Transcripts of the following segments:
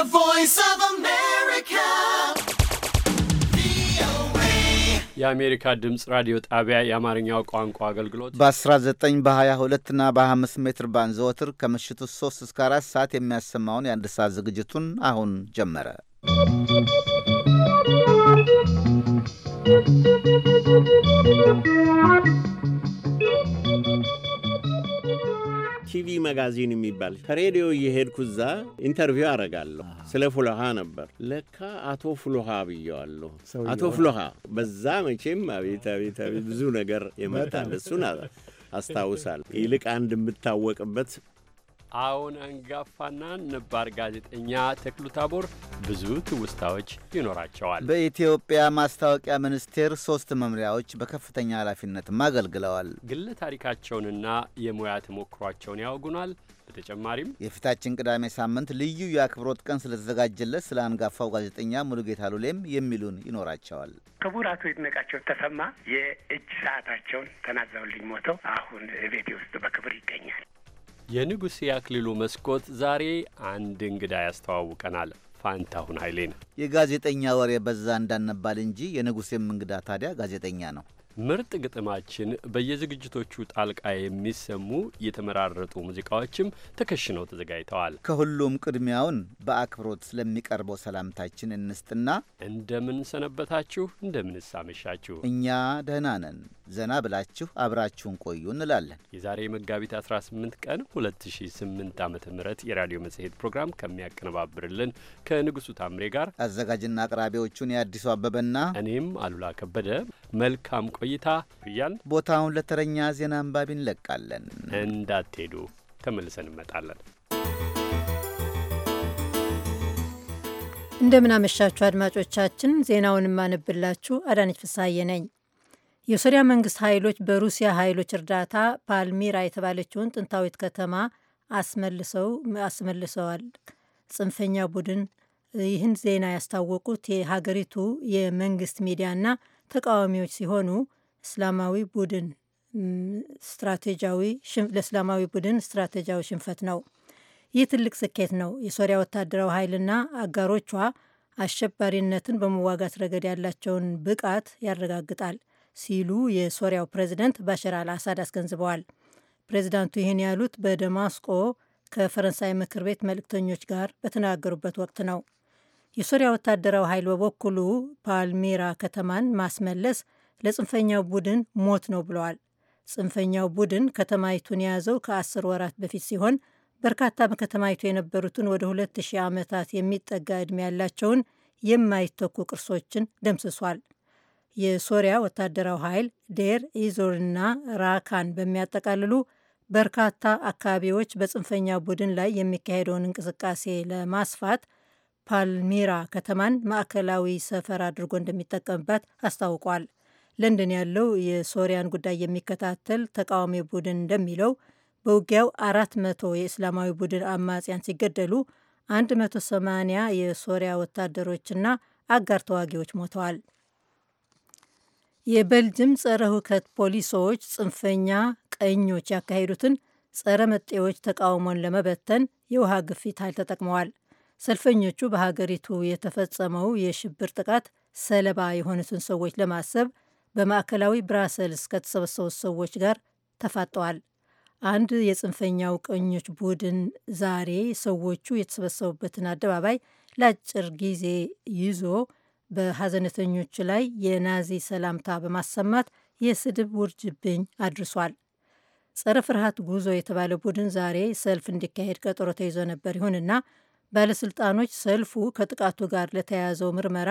The voice of America. የአሜሪካ ድምፅ ራዲዮ ጣቢያ የአማርኛው ቋንቋ አገልግሎት በ19 በ22 እና በ25 ሜትር ባንድ ዘወትር ከምሽቱ 3 እስከ 4 ሰዓት የሚያሰማውን የአንድ ሰዓት ዝግጅቱን አሁን ጀመረ። ¶¶ ቲቪ መጋዚን የሚባል ከሬዲዮ እየሄድኩ እዛ ኢንተርቪው አረጋለሁ። ስለ ፉሎሃ ነበር። ለካ አቶ ፉሎሃ ብየዋለሁ። አቶ ፉሎሃ በዛ መቼም አቤት አቤት ብዙ ነገር የመጣል እሱን አስታውሳል። ይልቅ አንድ የምታወቅበት አዎን፣ አንጋፋና ነባር ጋዜጠኛ ተክሉ ታቦር ብዙ ትውስታዎች ይኖራቸዋል። በኢትዮጵያ ማስታወቂያ ሚኒስቴር ሶስት መምሪያዎች በከፍተኛ ኃላፊነትም አገልግለዋል። ግለ ታሪካቸውንና የሙያ ተሞክሯቸውን ያወጉናል። በተጨማሪም የፊታችን ቅዳሜ ሳምንት ልዩ የአክብሮት ቀን ስለተዘጋጀለት ስለ አንጋፋው ጋዜጠኛ ሙሉጌታ ሉሌም የሚሉን ይኖራቸዋል። ክቡር አቶ ይድነቃቸው ተሰማ የእጅ ሰዓታቸውን ተናዘውልኝ ሞተው አሁን ቤቴ ውስጥ በክብር ይገኛል። የንጉሥ የአክሊሉ መስኮት ዛሬ አንድ እንግዳ ያስተዋውቀናል። ፋንታሁን ኃይሌ ነው። የጋዜጠኛ ወሬ በዛ እንዳነባል እንጂ የንጉሴም እንግዳ ታዲያ ጋዜጠኛ ነው። ምርጥ ግጥማችን በየዝግጅቶቹ ጣልቃ የሚሰሙ የተመራረጡ ሙዚቃዎችም ተከሽነው ተዘጋጅተዋል። ከሁሉም ቅድሚያውን በአክብሮት ስለሚቀርበው ሰላምታችን እንስጥና እንደምን ሰነበታችሁ፣ እንደምንስ አመሻችሁ። እኛ ደህና ነን ዘና ብላችሁ አብራችሁን ቆዩ እንላለን። የዛሬ መጋቢት 18 ቀን 2008 ዓ ም የራዲዮ መጽሔት ፕሮግራም ከሚያቀነባብርልን ከንጉሱ ታምሬ ጋር አዘጋጅና አቅራቢዎቹን የአዲሱ አበበና እኔም አሉላ ከበደ መልካም ቆይታ ብያል። ቦታውን ለተረኛ ዜና አንባቢ እንለቃለን። እንዳትሄዱ፣ ተመልሰን እንመጣለን። እንደምናመሻችሁ አድማጮቻችን፣ ዜናውን የማነብላችሁ አዳነች ፍሳዬ ነኝ። የሶሪያ መንግስት ኃይሎች በሩሲያ ኃይሎች እርዳታ ፓልሚራ የተባለችውን ጥንታዊት ከተማ አስመልሰው አስመልሰዋል። ጽንፈኛ ቡድን ይህን ዜና ያስታወቁት የሀገሪቱ የመንግስት ሚዲያና ተቃዋሚዎች ሲሆኑ እስላማዊ ቡድን ስትራቴጂያዊ ለእስላማዊ ቡድን ስትራቴጂያዊ ሽንፈት ነው። ይህ ትልቅ ስኬት ነው። የሶሪያ ወታደራዊ ኃይልና አጋሮቿ አሸባሪነትን በመዋጋት ረገድ ያላቸውን ብቃት ያረጋግጣል። ሲሉ የሶሪያው ፕሬዚደንት ባሻር አልአሳድ አስገንዝበዋል። ፕሬዚዳንቱ ይህን ያሉት በደማስቆ ከፈረንሳይ ምክር ቤት መልእክተኞች ጋር በተነጋገሩበት ወቅት ነው። የሶሪያ ወታደራዊ ኃይል በበኩሉ ፓልሜራ ከተማን ማስመለስ ለጽንፈኛው ቡድን ሞት ነው ብለዋል። ጽንፈኛው ቡድን ከተማይቱን የያዘው ከአስር ወራት በፊት ሲሆን በርካታ በከተማይቱ የነበሩትን ወደ ሁለት ሺህ ዓመታት የሚጠጋ ዕድሜ ያላቸውን የማይተኩ ቅርሶችን ደምስሷል። የሶሪያ ወታደራዊ ኃይል ዴር ኢዞርና ራካን በሚያጠቃልሉ በርካታ አካባቢዎች በጽንፈኛ ቡድን ላይ የሚካሄደውን እንቅስቃሴ ለማስፋት ፓልሚራ ከተማን ማዕከላዊ ሰፈር አድርጎ እንደሚጠቀምባት አስታውቋል። ለንደን ያለው የሶሪያን ጉዳይ የሚከታተል ተቃዋሚ ቡድን እንደሚለው በውጊያው መቶ የእስላማዊ ቡድን አማጽያን ሲገደሉ 180 የሶሪያ ወታደሮችና አጋር ተዋጊዎች ሞተዋል። የበልጅም ጸረ ሁከት ፖሊሶች ጽንፈኛ ቀኞች ያካሄዱትን ጸረ መጤዎች ተቃውሞን ለመበተን የውሃ ግፊት ኃይል ተጠቅመዋል። ሰልፈኞቹ በሀገሪቱ የተፈጸመው የሽብር ጥቃት ሰለባ የሆኑትን ሰዎች ለማሰብ በማዕከላዊ ብራሰልስ ከተሰበሰቡት ሰዎች ጋር ተፋጠዋል። አንድ የጽንፈኛው ቀኞች ቡድን ዛሬ ሰዎቹ የተሰበሰቡበትን አደባባይ ለአጭር ጊዜ ይዞ በሐዘነተኞች ላይ የናዚ ሰላምታ በማሰማት የስድብ ውርጅብኝ አድርሷል። ጸረ ፍርሃት ጉዞ የተባለ ቡድን ዛሬ ሰልፍ እንዲካሄድ ቀጠሮ ተይዞ ነበር። ይሁንና ባለስልጣኖች ሰልፉ ከጥቃቱ ጋር ለተያያዘው ምርመራ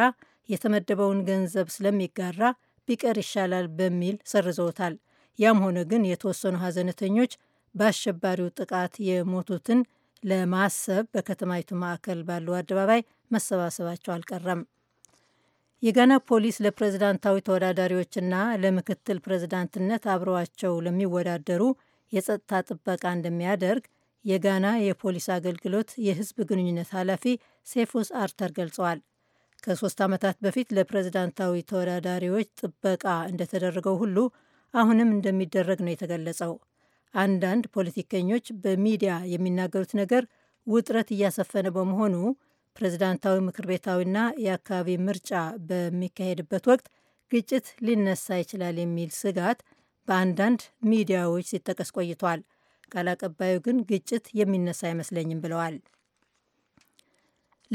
የተመደበውን ገንዘብ ስለሚጋራ ቢቀር ይሻላል በሚል ሰርዘውታል። ያም ሆነ ግን የተወሰኑ ሐዘነተኞች በአሸባሪው ጥቃት የሞቱትን ለማሰብ በከተማይቱ ማዕከል ባለው አደባባይ መሰባሰባቸው አልቀረም። የጋና ፖሊስ ለፕሬዝዳንታዊ ተወዳዳሪዎችና ለምክትል ፕሬዝዳንትነት አብረዋቸው ለሚወዳደሩ የጸጥታ ጥበቃ እንደሚያደርግ የጋና የፖሊስ አገልግሎት የህዝብ ግንኙነት ኃላፊ ሴፎስ አርተር ገልጸዋል። ከሶስት ዓመታት በፊት ለፕሬዝዳንታዊ ተወዳዳሪዎች ጥበቃ እንደተደረገው ሁሉ አሁንም እንደሚደረግ ነው የተገለጸው። አንዳንድ ፖለቲከኞች በሚዲያ የሚናገሩት ነገር ውጥረት እያሰፈነ በመሆኑ ፕሬዝዳንታዊ ምክር ቤታዊና የአካባቢ ምርጫ በሚካሄድበት ወቅት ግጭት ሊነሳ ይችላል የሚል ስጋት በአንዳንድ ሚዲያዎች ሲጠቀስ ቆይቷል። ቃል አቀባዩ ግን ግጭት የሚነሳ አይመስለኝም ብለዋል።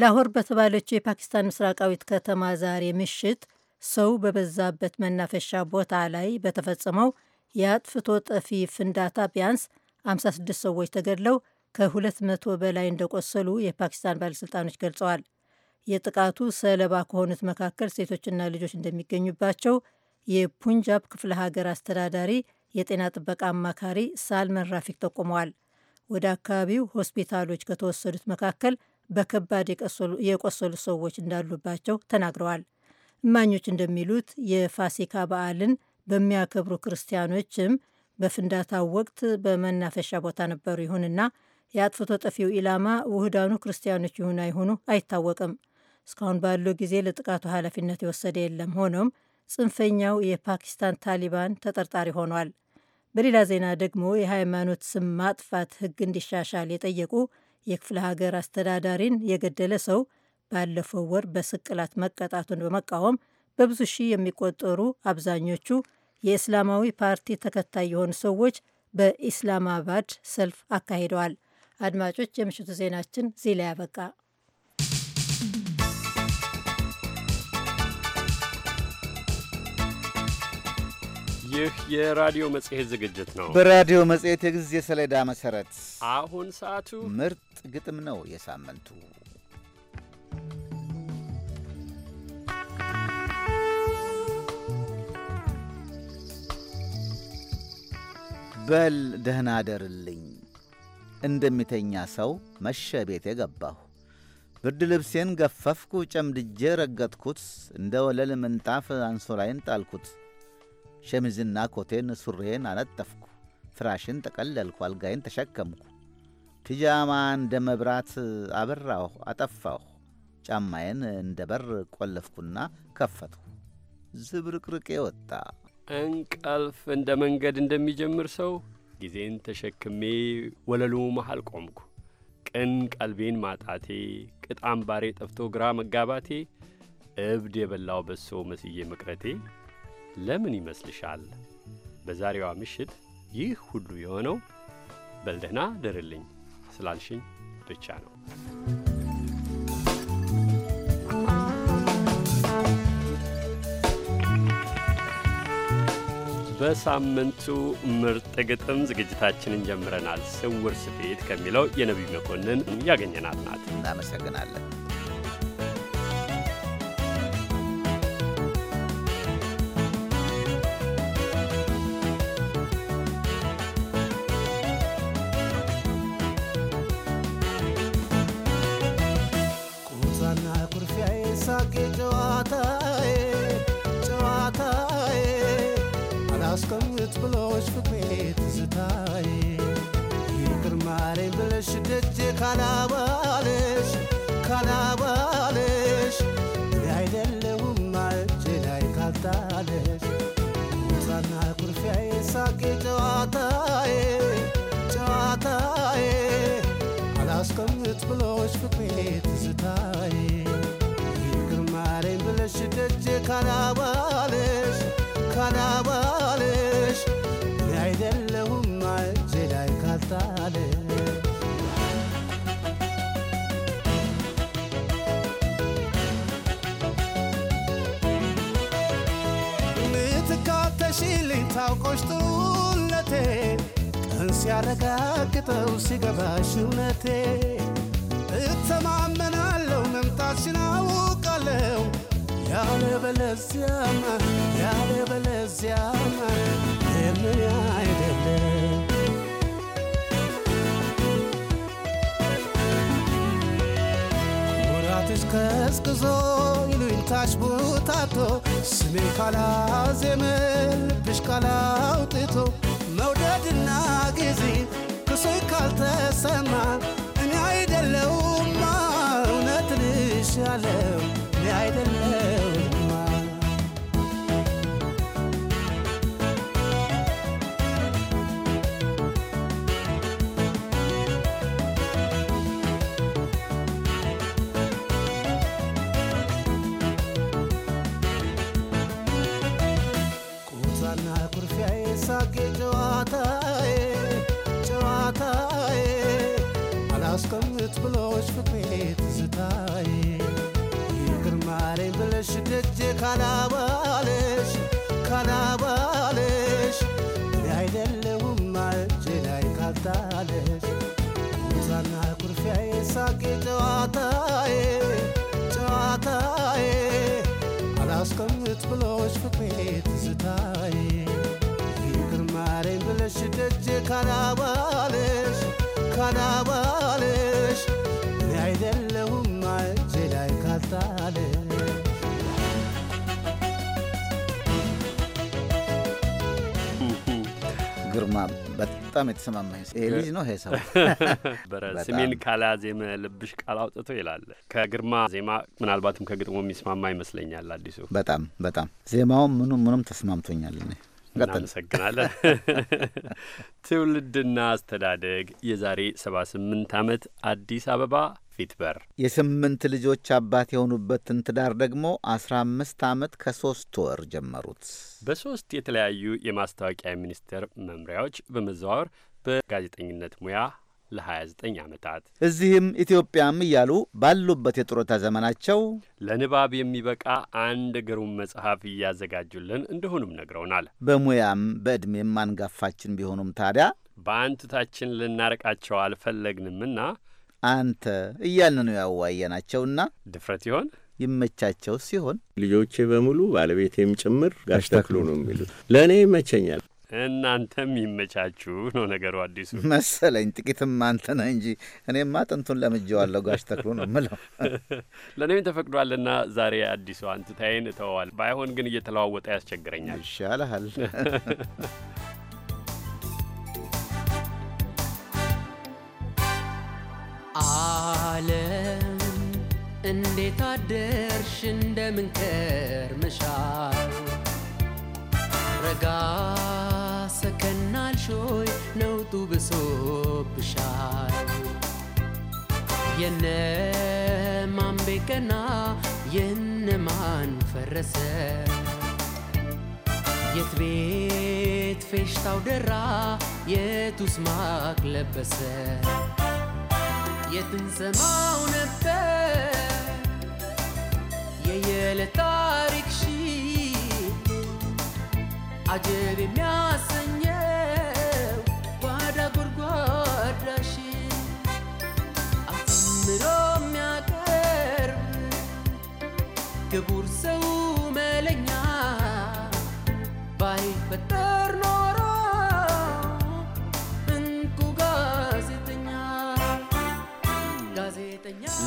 ላሆር በተባለችው የፓኪስታን ምስራቃዊት ከተማ ዛሬ ምሽት ሰው በበዛበት መናፈሻ ቦታ ላይ በተፈጸመው የአጥፍቶ ጠፊ ፍንዳታ ቢያንስ 56 ሰዎች ተገድለው ከሁለት መቶ በላይ እንደቆሰሉ የፓኪስታን ባለሥልጣኖች ገልጸዋል። የጥቃቱ ሰለባ ከሆኑት መካከል ሴቶችና ልጆች እንደሚገኙባቸው የፑንጃብ ክፍለ ሀገር አስተዳዳሪ የጤና ጥበቃ አማካሪ ሳልመን ራፊክ ጠቁመዋል። ወደ አካባቢው ሆስፒታሎች ከተወሰዱት መካከል በከባድ የቆሰሉ ሰዎች እንዳሉባቸው ተናግረዋል። እማኞች እንደሚሉት የፋሲካ በዓልን በሚያከብሩ ክርስቲያኖችም በፍንዳታው ወቅት በመናፈሻ ቦታ ነበሩ። ይሁንና የአጥፍቶ ጠፊው ኢላማ ውህዳኑ ክርስቲያኖች ይሁን አይሁኑ አይታወቅም። እስካሁን ባለው ጊዜ ለጥቃቱ ኃላፊነት የወሰደ የለም። ሆኖም ጽንፈኛው የፓኪስታን ታሊባን ተጠርጣሪ ሆኗል። በሌላ ዜና ደግሞ የሃይማኖት ስም ማጥፋት ሕግ እንዲሻሻል የጠየቁ የክፍለ ሀገር አስተዳዳሪን የገደለ ሰው ባለፈው ወር በስቅላት መቀጣቱን በመቃወም በብዙ ሺህ የሚቆጠሩ አብዛኞቹ የእስላማዊ ፓርቲ ተከታይ የሆኑ ሰዎች በኢስላማባድ ሰልፍ አካሂደዋል። አድማጮች፣ የምሽቱ ዜናችን እዚህ ላይ ያበቃ። ይህ የራዲዮ መጽሔት ዝግጅት ነው። በራዲዮ መጽሔት የጊዜ ሰሌዳ መሰረት አሁን ሰዓቱ ምርጥ ግጥም ነው። የሳምንቱ በል ደህና አደርልኝ እንደሚተኛ ሰው መሸ ቤት ገባሁ። ብርድ ልብሴን ገፈፍኩ፣ ጨምድጄ ረገጥኩት። እንደ ወለል ምንጣፍ አንሶላይን ጣልኩት። ሸሚዝና ኮቴን፣ ሱሬን አነጠፍኩ። ፍራሽን ጠቀለልኩ፣ አልጋይን ተሸከምኩ። ፒጃማ እንደ መብራት አበራሁ፣ አጠፋሁ። ጫማዬን እንደ በር ቆለፍኩና ከፈትኩ። ዝብርቅርቄ ወጣ። እንቅልፍ እንደ መንገድ እንደሚጀምር ሰው ጊዜን ተሸክሜ ወለሉ መሃል ቆምኩ። ቅን ቀልቤን ማጣቴ፣ ቅጥ አምባሬ ጠፍቶ ግራ መጋባቴ፣ እብድ የበላው በሶ መስዬ መቅረቴ ለምን ይመስልሻል? በዛሬዋ ምሽት ይህ ሁሉ የሆነው በልደህና ደርልኝ ስላልሽኝ ብቻ ነው። በሳምንቱ ምርጥ ግጥም ዝግጅታችንን ጀምረናል። ስውር ስፌት ከሚለው የነቢይ መኮንን ያገኘናት ናት። እናመሰግናለን። ሲያረጋግጠው ሲገባሽ እውነቴ እተማመናለው መምጣትሽን አውቃለው። ያለበለዚያማ ያለበለዚያማ የምን አይደለም ሙራትሽ ቀዝቅዞ ይሉኝታሽ ቡታቶ ስሜ ካላዜመ ልብሽ ቃል ውሰድና ጊዜ ክሶይ ካልተሰማ እኔ አይደለውማ እውነት ልሽ ቤት ስታይ ግርማሬን ብለሽ ደጄ ካላባለሽ ካላባለሽ አይደለውም እጄ ላይ ካልጣለሽ ሙሳና ኩርፊያዬ ሳቄ ጨዋታዬ ጨዋታዬ አላስቀምጥ ብሎሽ ፍቅሬ ትዝታዬ ግርማሬን ብለሽ ደጄ ካላባለሽ ካላባለሽ ጣለ ግርማ በጣም የተሰማማኝ ይሄ ልጅ ነው። ይሄ ሰው ስሜን ካላ ልብሽ ቃል አውጥቶ ይላል። ከግርማ ዜማ ምናልባትም ከግጥሞ የሚስማማ ይመስለኛል። አዲሱ በጣም በጣም ዜማውም ምኑም ምኑም ተስማምቶኛል። እናመሰግናለን። ትውልድና አስተዳደግ የዛሬ ሰባ ስምንት ዓመት አዲስ አበባ ፊት በር የስምንት ልጆች አባት የሆኑበትን ትዳር ደግሞ አስራ አምስት ዓመት ከሶስት ወር ጀመሩት። በሶስት የተለያዩ የማስታወቂያ ሚኒስቴር መምሪያዎች በመዘዋወር በጋዜጠኝነት ሙያ ለ29 ዓመታት እዚህም ኢትዮጵያም እያሉ ባሉበት የጡረታ ዘመናቸው ለንባብ የሚበቃ አንድ ግሩም መጽሐፍ እያዘጋጁልን እንደሆኑም ነግረውናል። በሙያም በዕድሜም አንጋፋችን ቢሆኑም ታዲያ በአንቱታችን ልናርቃቸው አልፈለግንምና አንተ እያልን ነው ያዋየናቸውና ድፍረት ይሆን ይመቻቸው ሲሆን ልጆቼ በሙሉ ባለቤቴም ጭምር ጋሽ ተክሉ ነው የሚሉት። ለእኔ ይመቸኛል፣ እናንተም ይመቻችሁ ነው ነገሩ። አዲሱ መሰለኝ ጥቂትም አንተ ነህ እንጂ እኔማ ጥንቱን ለምጄዋለሁ። ጋሽ ተክሉ ነው ምለው። ለእኔም ተፈቅዷልና ዛሬ አዲሱ አንትታይን እተወዋል። ባይሆን ግን እየተለዋወጠ ያስቸግረኛል። ይሻልሃል። ዓለም እንዴት አደርሽ እንደምን ከርመሻል? ረጋ ሰከናል ሾይ ነውጡ ብሶብሻል። የነማን ቤት ቀና የነማን ፈረሰ? የት ቤት ፌሽታው ደራ የቱስ ማቅ ለበሰ? የትንሰማው ነበር የየለ ታሪክ ሺ አጀብ የሚያሰኘው ጓዳ ጎርጓዳሽ አምሮ የሚያቀርብ ክቡር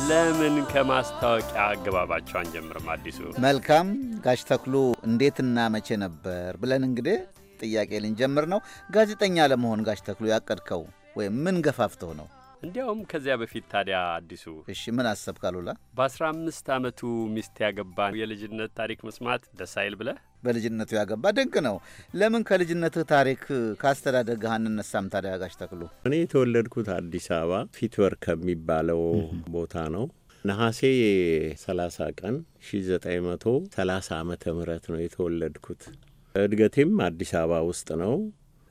ለምን ከማስታወቂያ አገባባቸው አንጀምርም? አዲሱ መልካም ጋሽ ተክሉ እንዴትና መቼ ነበር ብለን እንግዲህ ጥያቄ ልንጀምር ነው። ጋዜጠኛ ለመሆን ጋሽ ተክሉ ያቀድከው ወይም ምን ገፋፍተው ነው? እንዲያውም ከዚያ በፊት ታዲያ አዲሱ፣ እሺ ምን አሰብክ? አሉላ በአስራ አምስት አመቱ ሚስት ያገባ የልጅነት ታሪክ መስማት ደስ አይል ብለህ በልጅነቱ ያገባ ድንቅ ነው። ለምን ከልጅነትህ ታሪክ ካስተዳደግህ አንነሳም ታዲያ? ጋሽ ተክሉ እኔ የተወለድኩት አዲስ አበባ ፊትወር ከሚባለው ቦታ ነው። ነሐሴ 30 ቀን 1930 ዓ ም ነው የተወለድኩት። እድገቴም አዲስ አበባ ውስጥ ነው።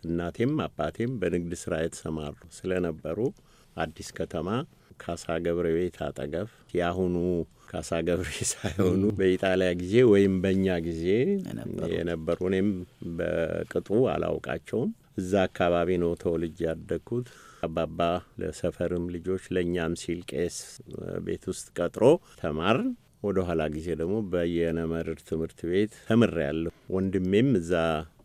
እናቴም አባቴም በንግድ ስራ የተሰማሩ ስለነበሩ አዲስ ከተማ ካሳ ገብረ ቤት አጠገብ የአሁኑ ካሳ ገብሬ ሳይሆኑ በኢጣሊያ ጊዜ ወይም በእኛ ጊዜ የነበሩ እኔም በቅጡ አላውቃቸውም። እዛ አካባቢ ነው ተወልጄ ያደግኩት። አባባ ለሰፈርም ልጆች ለእኛም ሲል ቄስ ቤት ውስጥ ቀጥሮ ተማርን። ወደ ኋላ ጊዜ ደግሞ በየነ መርር ትምህርት ቤት ተምሬያለሁ። ወንድሜም እዛ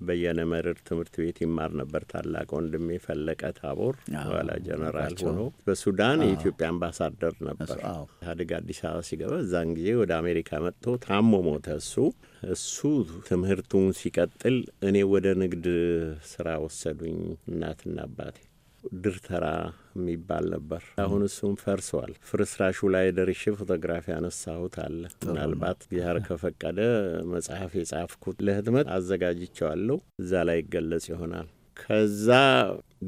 በየነ መርር ትምህርት ቤት ይማር ነበር። ታላቅ ወንድሜ ፈለቀ ታቦር ኋላ ጀነራል ሆኖ በሱዳን የኢትዮጵያ አምባሳደር ነበር። ኢህአዴግ አዲስ አበባ ሲገባ እዛን ጊዜ ወደ አሜሪካ መጥቶ ታሞ ሞተ። እሱ እሱ ትምህርቱን ሲቀጥል እኔ ወደ ንግድ ስራ ወሰዱኝ እናትና አባቴ ድርተራ የሚባል ነበር። አሁን እሱም ፈርሰዋል። ፍርስራሹ ላይ ደርሼ ፎቶግራፊ ያነሳሁት አለ። ምናልባት ዚህር ከፈቀደ መጽሐፍ የጻፍኩት ለህትመት አዘጋጅቸዋለሁ። እዛ ላይ ይገለጽ ይሆናል። ከዛ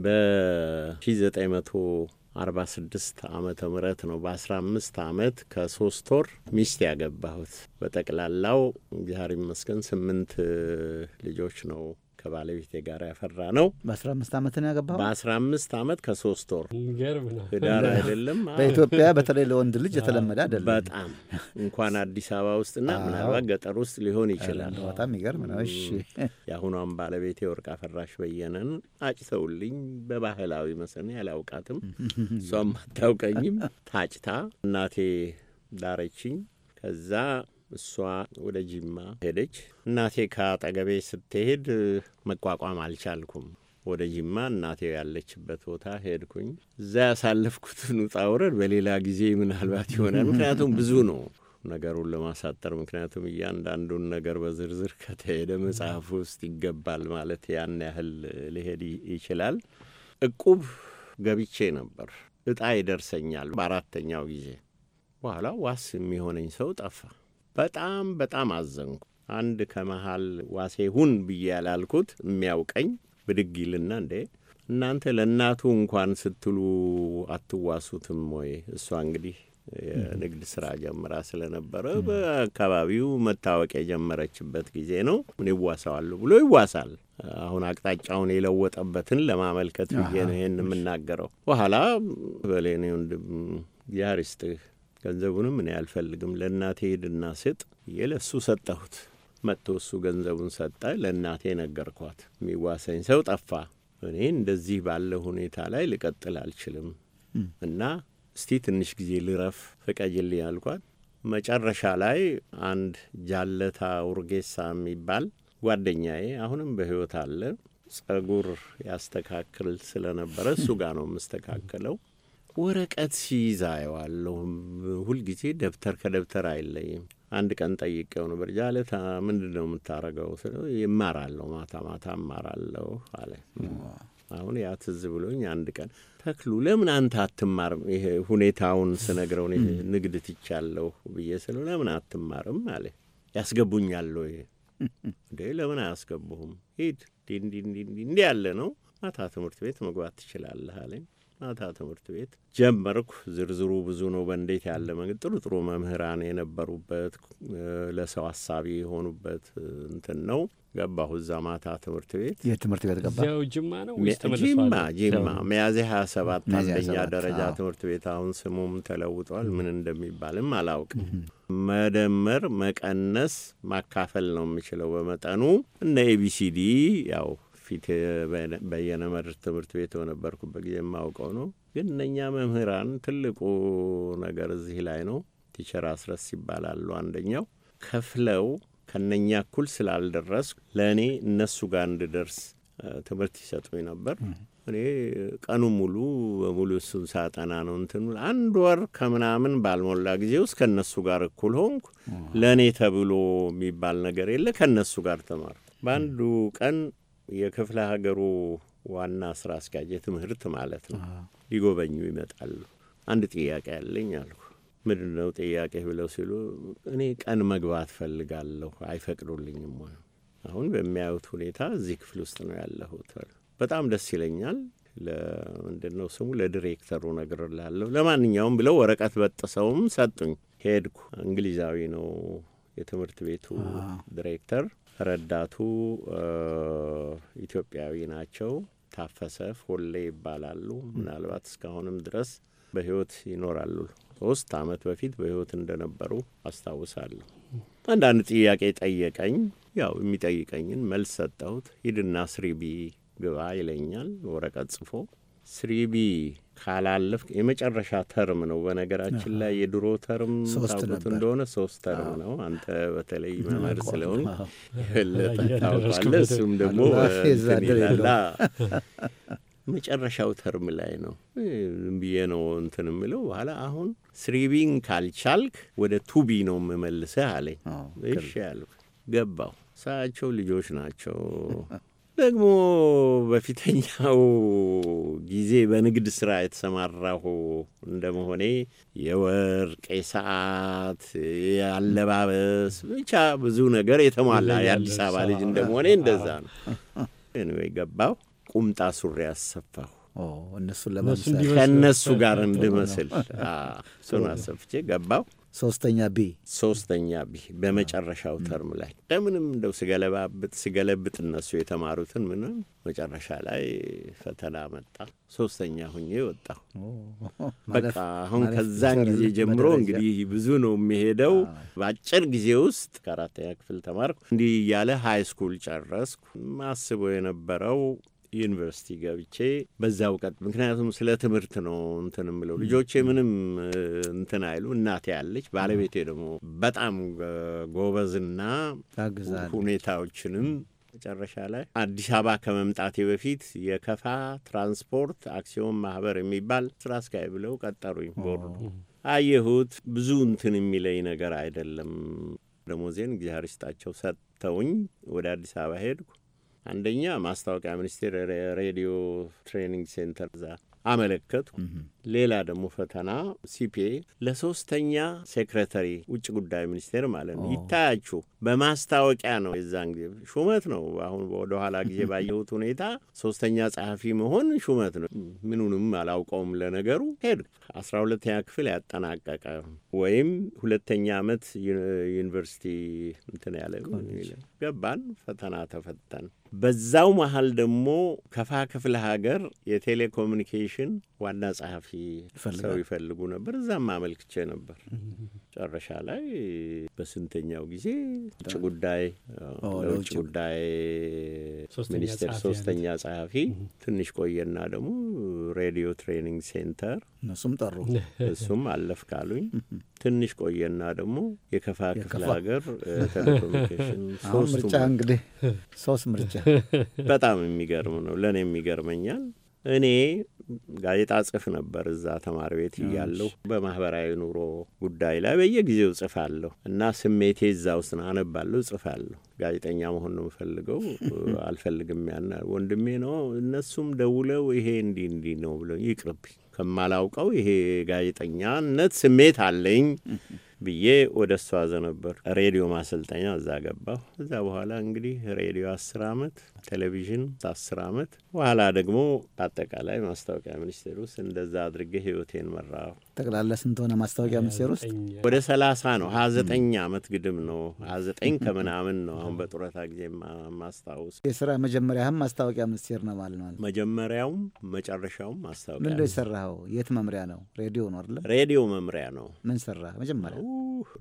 በ1946 ዓመተ ምህረት ነው በ15 ዓመት ከሶስት ወር ሚስት ያገባሁት። በጠቅላላው ዚህር ይመስገን ስምንት ልጆች ነው ከባለቤቴ ጋር ያፈራ ነው። በአስራ አምስት አመት ነው ያገባው። በአስራ አምስት አመት ከሶስት ወር ህዳር አይደለም። በኢትዮጵያ በተለይ ለወንድ ልጅ የተለመደ አይደለም። በጣም እንኳን አዲስ አበባ ውስጥና ምናልባት ገጠር ውስጥ ሊሆን ይችላል። በጣም ይገርም ነው። እሺ የአሁኗም ባለቤቴ ወርቅ አፈራሽ በየነን አጭተውልኝ፣ በባህላዊ መሰኔ አላውቃትም፣ እሷም አታውቀኝም። ታጭታ እናቴ ዳረችኝ። ከዛ እሷ ወደ ጅማ ሄደች። እናቴ ከአጠገቤ ስትሄድ መቋቋም አልቻልኩም። ወደ ጅማ እናቴ ያለችበት ቦታ ሄድኩኝ። እዛ ያሳለፍኩትን ውጣ ውረድ በሌላ ጊዜ ምናልባት ይሆናል። ምክንያቱም ብዙ ነው ነገሩን ለማሳጠር ምክንያቱም እያንዳንዱን ነገር በዝርዝር ከተሄደ መጽሐፍ ውስጥ ይገባል ማለት ያን ያህል ሊሄድ ይችላል። እቁብ ገብቼ ነበር። እጣ ይደርሰኛል በአራተኛው ጊዜ። በኋላ ዋስ የሚሆነኝ ሰው ጠፋ። በጣም በጣም አዘንኩ። አንድ ከመሃል ዋሴ ሁን ብዬ ያላልኩት የሚያውቀኝ ብድግ ይልና እንዴ እናንተ ለእናቱ እንኳን ስትሉ አትዋሱትም ወይ? እሷ እንግዲህ የንግድ ስራ ጀምራ ስለነበረ በአካባቢው መታወቅ የጀመረችበት ጊዜ ነው። ምን ይዋሳዋሉ ብሎ ይዋሳል። አሁን አቅጣጫውን የለወጠበትን ለማመልከት ብዬ ነው ይህን የምናገረው። በኋላ በሌኔ ወንድም ያርስትህ ገንዘቡንም እኔ አልፈልግም ለእናቴ ሄድና ስጥ ለሱ ሰጠሁት። መጥቶ እሱ ገንዘቡን ሰጠ፣ ለእናቴ ነገርኳት። የሚዋሰኝ ሰው ጠፋ። እኔ እንደዚህ ባለ ሁኔታ ላይ ልቀጥል አልችልም እና እስቲ ትንሽ ጊዜ ልረፍ ፍቀጅልኝ አልኳት። መጨረሻ ላይ አንድ ጃለታ ኡርጌሳ የሚባል ጓደኛዬ አሁንም በሕይወት አለ። ጸጉር ያስተካክል ስለነበረ እሱ ጋር ነው የምስተካከለው። ወረቀት ሲይዛ አየዋለሁም። ሁልጊዜ ደብተር ከደብተር አይለይም። አንድ ቀን ጠይቄው ነበር፣ ጃለታ ምንድን ነው የምታረገው ስለው ይማራለሁ፣ ማታ ማታ እማራለሁ አለ። አሁን ያ ትዝ ብሎኝ አንድ ቀን ተክሉ ለምን አንተ አትማርም? ይሄ ሁኔታውን ስነግረው ንግድ ትቻለሁ ብዬ ስለው ለምን አትማርም አለ። ያስገቡኛለሁ ይሄ እንዴ? ለምን አያስገቡህም? ሂድ እንዲህ ያለ ነው፣ ማታ ትምህርት ቤት መግባት ትችላለህ አለኝ። ማታ ትምህርት ቤት ጀመርኩ። ዝርዝሩ ብዙ ነው። በእንዴት ያለ መንገድ ጥሩ ጥሩ መምህራን የነበሩበት ለሰው አሳቢ የሆኑበት እንትን ነው። ገባሁ እዛ ማታ ትምህርት ቤት ትምህርት ቤት ገባ። ጅማ ነው ጅማ ጅማ ሚያዝያ ሀያ ሰባት አንደኛ ደረጃ ትምህርት ቤት አሁን ስሙም ተለውጧል። ምን እንደሚባልም አላውቅም። መደመር፣ መቀነስ፣ ማካፈል ነው የምችለው በመጠኑ እነ ኤቢሲዲ ያው ፊት መድር ትምህርት ቤት በነበርኩበት ጊዜ የማውቀው ነው። ግን እነኛ መምህራን ትልቁ ነገር እዚህ ላይ ነው። ቲቸር አስረስ ይባላሉ አንደኛው ከፍለው ከነኛ እኩል ስላልደረስ ለእኔ እነሱ ጋር እንድደርስ ትምህርት ይሰጡኝ ነበር። እኔ ቀኑ ሙሉ በሙሉ እሱን ሳጠና ነው እንትን አንድ ወር ከምናምን ባልሞላ ጊዜ ውስጥ ከእነሱ ጋር እኩል ሆንኩ። ለእኔ ተብሎ የሚባል ነገር የለ፣ ከእነሱ ጋር ተማርኩ። በአንዱ ቀን የክፍለ ሀገሩ ዋና ስራ አስኪያጅ የትምህርት ማለት ነው ሊጎበኙ ይመጣሉ። አንድ ጥያቄ ያለኝ አልኩ። ምንድን ነው ጥያቄ ብለው ሲሉ እኔ ቀን መግባት ፈልጋለሁ አይፈቅዱልኝም። ሆነ አሁን በሚያዩት ሁኔታ እዚህ ክፍል ውስጥ ነው ያለሁት። በጣም ደስ ይለኛል። ለምንድን ነው ስሙ ለዲሬክተሩ እነግርልሃለሁ። ለማንኛውም ብለው ወረቀት በጥሰውም ሰጡኝ። ሄድኩ። እንግሊዛዊ ነው የትምህርት ቤቱ ዲሬክተር ረዳቱ ኢትዮጵያዊ ናቸው። ታፈሰ ፎሌ ይባላሉ። ምናልባት እስካሁንም ድረስ በህይወት ይኖራሉ። ሶስት አመት በፊት በህይወት እንደነበሩ አስታውሳለሁ። አንዳንድ ጥያቄ ጠየቀኝ። ያው የሚጠይቀኝን መልስ ሰጠሁት። ሂድና ስሪቢ ግባ ይለኛል ወረቀት ጽፎ ስሪቢ ካላለፍ የመጨረሻ ተርም ነው። በነገራችን ላይ የድሮ ተርም ታውቁት እንደሆነ ሶስት ተርም ነው። አንተ በተለይ መምህር ስለሆን የበለጠ ታውቃለህ። እሱም ደግሞ ላላ መጨረሻው ተርም ላይ ነው ብዬ ነው እንትን የምለው። በኋላ አሁን ስሪቢን ካልቻልክ ወደ ቱቢ ነው የምመልስህ አለኝ። እሺ ያልኩ ገባሁ። ሳያቸው ልጆች ናቸው ደግሞ በፊተኛው ጊዜ በንግድ ስራ የተሰማራሁ እንደመሆኔ የወርቅ የሰዓት የአለባበስ ብቻ ብዙ ነገር የተሟላ የአዲስ አበባ ልጅ እንደመሆኔ እንደዛ ነው። እንወይ ገባሁ፣ ቁምጣ ሱሪ አሰፋሁ። እነሱን ለመምሰል ከእነሱ ጋር እንድመስል እሱን አሰፍቼ ገባሁ። ሶስተኛ ቢ ሶስተኛ ቢ በመጨረሻው ተርም ላይ ለምንም እንደው ስገለባብጥ ስገለብጥ እነሱ የተማሩትን ምንም መጨረሻ ላይ ፈተና መጣ። ሶስተኛ ሁኜ ወጣሁ። በቃ አሁን ከዛን ጊዜ ጀምሮ እንግዲህ ብዙ ነው የሚሄደው። በአጭር ጊዜ ውስጥ ከአራተኛ ክፍል ተማርኩ። እንዲህ እያለ ሀይ ስኩል ጨረስኩ። ማስበው የነበረው ዩኒቨርሲቲ ገብቼ በዛ እውቀት ምክንያቱም ስለ ትምህርት ነው እንትን የምለው ልጆቼ ምንም እንትን አይሉ እናቴ ያለች ባለቤቴ ደግሞ በጣም ጎበዝና ሁኔታዎችንም መጨረሻ ላይ አዲስ አበባ ከመምጣቴ በፊት የከፋ ትራንስፖርት አክሲዮን ማህበር የሚባል ስራ አስኪያጅ ብለው ቀጠሩኝ። ቦርዱ አየሁት። ብዙ እንትን የሚለኝ ነገር አይደለም። ደሞዜን እግዚአብሔር ይስጣቸው ሰጥተውኝ ወደ አዲስ አበባ ሄድኩ። አንደኛ ማስታወቂያ ሚኒስቴር ሬዲዮ ትሬኒንግ ሴንተር ዛ አመለከቱ። ሌላ ደግሞ ፈተና ሲፒኤ ለሶስተኛ ሴክረተሪ ውጭ ጉዳይ ሚኒስቴር ማለት ነው። ይታያችሁ በማስታወቂያ ነው። የዛን ጊዜ ሹመት ነው። አሁን ወደ ኋላ ጊዜ ባየሁት ሁኔታ ሶስተኛ ጸሐፊ መሆን ሹመት ነው። ምኑንም አላውቀውም ለነገሩ። ሄድ አስራ ሁለተኛ ክፍል ያጠናቀቀ ወይም ሁለተኛ ዓመት ዩኒቨርሲቲ እንትን ያለ ገባን። ፈተና ተፈተን በዛው መሀል ደግሞ ከፋ ክፍለ ሀገር የቴሌኮሙኒኬሽን ዋና ጸሐፊ ሰው ይፈልጉ ነበር። እዛም አመልክቼ ነበር። መጨረሻ ላይ በስንተኛው ጊዜ ውጭ ጉዳይ ለውጭ ጉዳይ ሚኒስቴር ሶስተኛ ጸሐፊ ትንሽ ቆየና ደግሞ ሬዲዮ ትሬኒንግ ሴንተር እሱም ጠሩ። እሱም አለፍ ካሉኝ ትንሽ ቆየና ደግሞ የከፋ ክፍለ ሀገር ቴሌኮሙኒኬሽን ምርጫ እንግዲህ ሶስት ምርጫ በጣም የሚገርም ነው። ለእኔ የሚገርመኛል። እኔ ጋዜጣ ጽፍ ነበር እዛ ተማሪ ቤት እያለሁ በማህበራዊ ኑሮ ጉዳይ ላይ በየጊዜው ጽፋለሁ እና ስሜቴ እዛ ውስጥ አነባለሁ፣ ጽፋለሁ። ጋዜጠኛ መሆን ነው የምፈልገው፣ አልፈልግም ያና ወንድሜ ነው። እነሱም ደውለው ይሄ እንዲህ እንዲህ ነው ብለው ይቅርብኝ፣ ከማላውቀው ይሄ ጋዜጠኛነት ስሜት አለኝ ብዬ ወደ እሷ ዘነበር። ሬዲዮ ማሰልጠኛ እዛ ገባሁ። እዛ በኋላ እንግዲህ ሬዲዮ አስር አመት ቴሌቪዥን አስር ዓመት በኋላ ደግሞ በአጠቃላይ ማስታወቂያ ሚኒስቴር ውስጥ እንደዛ አድርጌ ህይወቴን መራው። ጠቅላላ ስንት ሆነ ማስታወቂያ ሚኒስቴር ውስጥ? ወደ ሰላሳ ነው። ሀያ ዘጠኝ ዓመት ግድም ነው። ሀያ ዘጠኝ ከምናምን ነው አሁን በጡረታ ጊዜ ማስታውስ። የስራ መጀመሪያህም ማስታወቂያ ሚኒስቴር ነው ማለት ነው? መጀመሪያውም መጨረሻውም ማስታወቂያ። ምንድን ነው የሰራኸው? የት መምሪያ ነው? ሬዲዮ ነው አይደለም? ሬዲዮ መምሪያ ነው። ምን ሰራህ መጀመሪያ?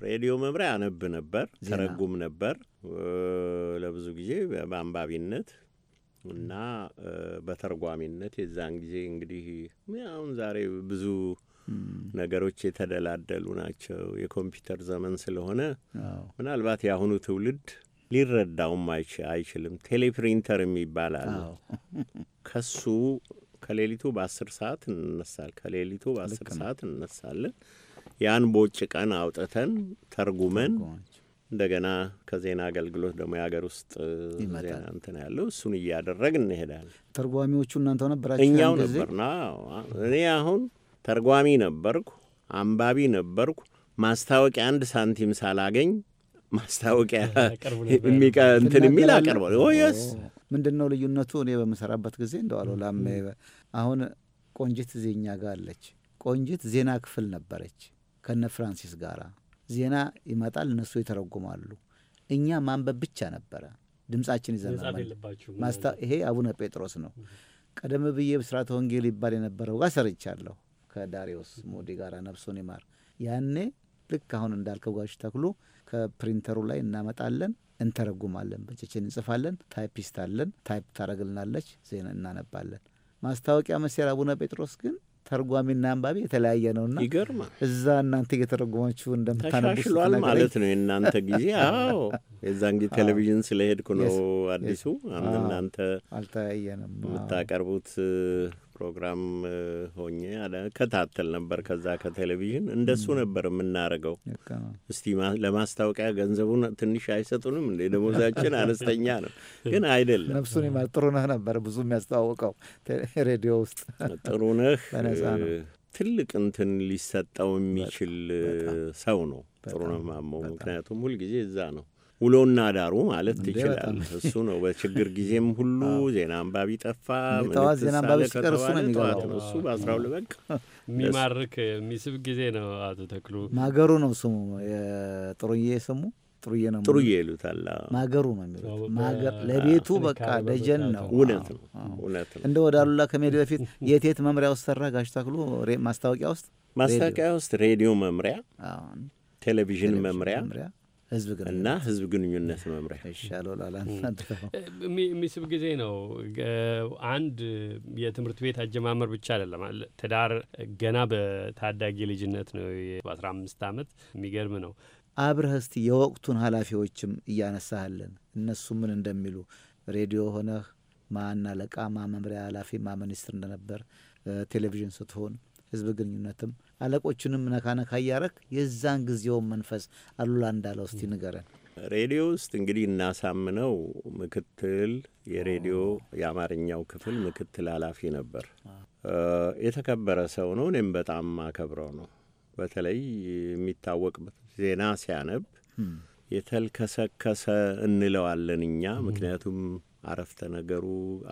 ሬዲዮ መምሪያ አነብ ነበር፣ ተረጉም ነበር ለብዙ ጊዜ በአንባቢነት እና በተርጓሚነት የዛን ጊዜ እንግዲህ አሁን ዛሬ ብዙ ነገሮች የተደላደሉ ናቸው። የኮምፒውተር ዘመን ስለሆነ ምናልባት የአሁኑ ትውልድ ሊረዳውም አይችልም። ቴሌፕሪንተር የሚባል አለ። ከሱ ከሌሊቱ በአስር ሰዓት እንነሳል ከሌሊቱ በአስር ሰዓት እንነሳለን። ያን ቦጭ ቀን አውጥተን ተርጉመን እንደገና ከዜና አገልግሎት ደግሞ የሀገር ውስጥ ዜና እንትን ያለው እሱን እያደረግን እንሄዳለን። ተርጓሚዎቹ እናንተው ነበራችሁ? እኛው ነበርና እኔ አሁን ተርጓሚ ነበርኩ፣ አንባቢ ነበርኩ። ማስታወቂያ አንድ ሳንቲም ሳላገኝ ማስታወቂያ እንትን የሚል አቀርባል ወይስ ምንድን ነው ልዩነቱ? እኔ በምሰራበት ጊዜ እንደዋለው ላም አሁን ቆንጅት እዚህ እኛ ጋር አለች። ቆንጂት ዜና ክፍል ነበረች ከነ ፍራንሲስ ጋራ ዜና ይመጣል፣ እነሱ ይተረጉማሉ። እኛ ማንበብ ብቻ ነበረ። ድምጻችን ይዘናል። ይሄ አቡነ ጴጥሮስ ነው። ቀደም ብዬ ብስራተ ወንጌል ይባል የነበረው ጋር ሰርቻለሁ ከዳሪዮስ ሞዲ ጋር ነፍሱን ይማር። ያኔ ልክ አሁን እንዳልከው ጋሽ ተክሉ ከፕሪንተሩ ላይ እናመጣለን፣ እንተረጉማለን፣ በቼቼን እንጽፋለን። ታይፒስት አለን፣ ታይፕ ታረግልናለች፣ ዜና እናነባለን። ማስታወቂያ መሴር አቡነ ጴጥሮስ ግን ተርጓሚና አንባቢ የተለያየ ነውና ይገርማል። እዛ እናንተ እየተረጎማችሁ እንደምታነብሽሏል ማለት ነው የእናንተ ጊዜ። አዎ የዛን ጊዜ ቴሌቪዥን ስለሄድኩ ነው አዲሱ። አሁን እናንተ አልተያየንም የምታቀርቡት ፕሮግራም ሆኜ ከታተል ነበር። ከዛ ከቴሌቪዥን እንደሱ ነበር የምናደርገው። እስቲ ለማስታወቂያ ገንዘቡን ትንሽ አይሰጡንም እንደ ደሞዛችን አነስተኛ ነው፣ ግን አይደለም ነፍሱን ጥሩ ነህ ነበር ብዙ የሚያስተዋውቀው ሬዲዮ ውስጥ ጥሩ ነህ። ትልቅ እንትን ሊሰጠው የሚችል ሰው ነው ጥሩ ነህ ማሞ። ምክንያቱም ሁልጊዜ እዛ ነው ውሎና ዳሩ ማለት ይችላል። እሱ ነው። በችግር ጊዜም ሁሉ ዜና አንባቢ ጠፋ። ጠዋት ዜና አንባቢ ሲቀር እሱ ነው የሚገባው። እሱ በአስራ ሁለት በቃ የሚማርክ የሚስብ ጊዜ ነው። አቶ ተክሉ ማገሩ ነው ስሙ። የጥሩዬ ስሙ ጥሩዬ ነው። ጥሩዬ ይሉታል። ማገሩ ነው የሚሉት። ማገር ለቤቱ በቃ ደጀን ነው። እውነት ነው፣ እውነት ነው። እንደ ወደ አሉላ ከመሄድ በፊት የቴት መምሪያ ውስጥ ሰራ ጋሽ ተክሉ? ማስታወቂያ ውስጥ ማስታወቂያ ውስጥ ሬዲዮ መምሪያ፣ ቴሌቪዥን መምሪያ እና ህዝብ ግንኙነት መምሪያ የሚስብ ጊዜ ነው። አንድ የትምህርት ቤት አጀማመር ብቻ አይደለም። ትዳር ገና በታዳጊ ልጅነት ነው። በአስራ አምስት የሚገርም ነው። አብረህ እስቲ የወቅቱን ኃላፊዎችም እያነሳሃለን እነሱ ምን እንደሚሉ ሬዲዮ ሆነህ ማን አለቃ፣ ማ መምሪያ ኃላፊ፣ ማ ሚኒስትር እንደነበር ቴሌቪዥን ስትሆን ህዝብ ግንኙነትም አለቆችንም ነካነካ እያረክ የዛን ጊዜውን መንፈስ አሉላ እንዳለው እስቲ ንገረን። ሬዲዮ ውስጥ እንግዲህ እናሳምነው ምክትል የሬዲዮ የአማርኛው ክፍል ምክትል ኃላፊ ነበር። የተከበረ ሰው ነው። እኔም በጣም አከብረው ነው። በተለይ የሚታወቅ ዜና ሲያነብ የተልከሰከሰ እንለዋለን እኛ። ምክንያቱም አረፍተ ነገሩ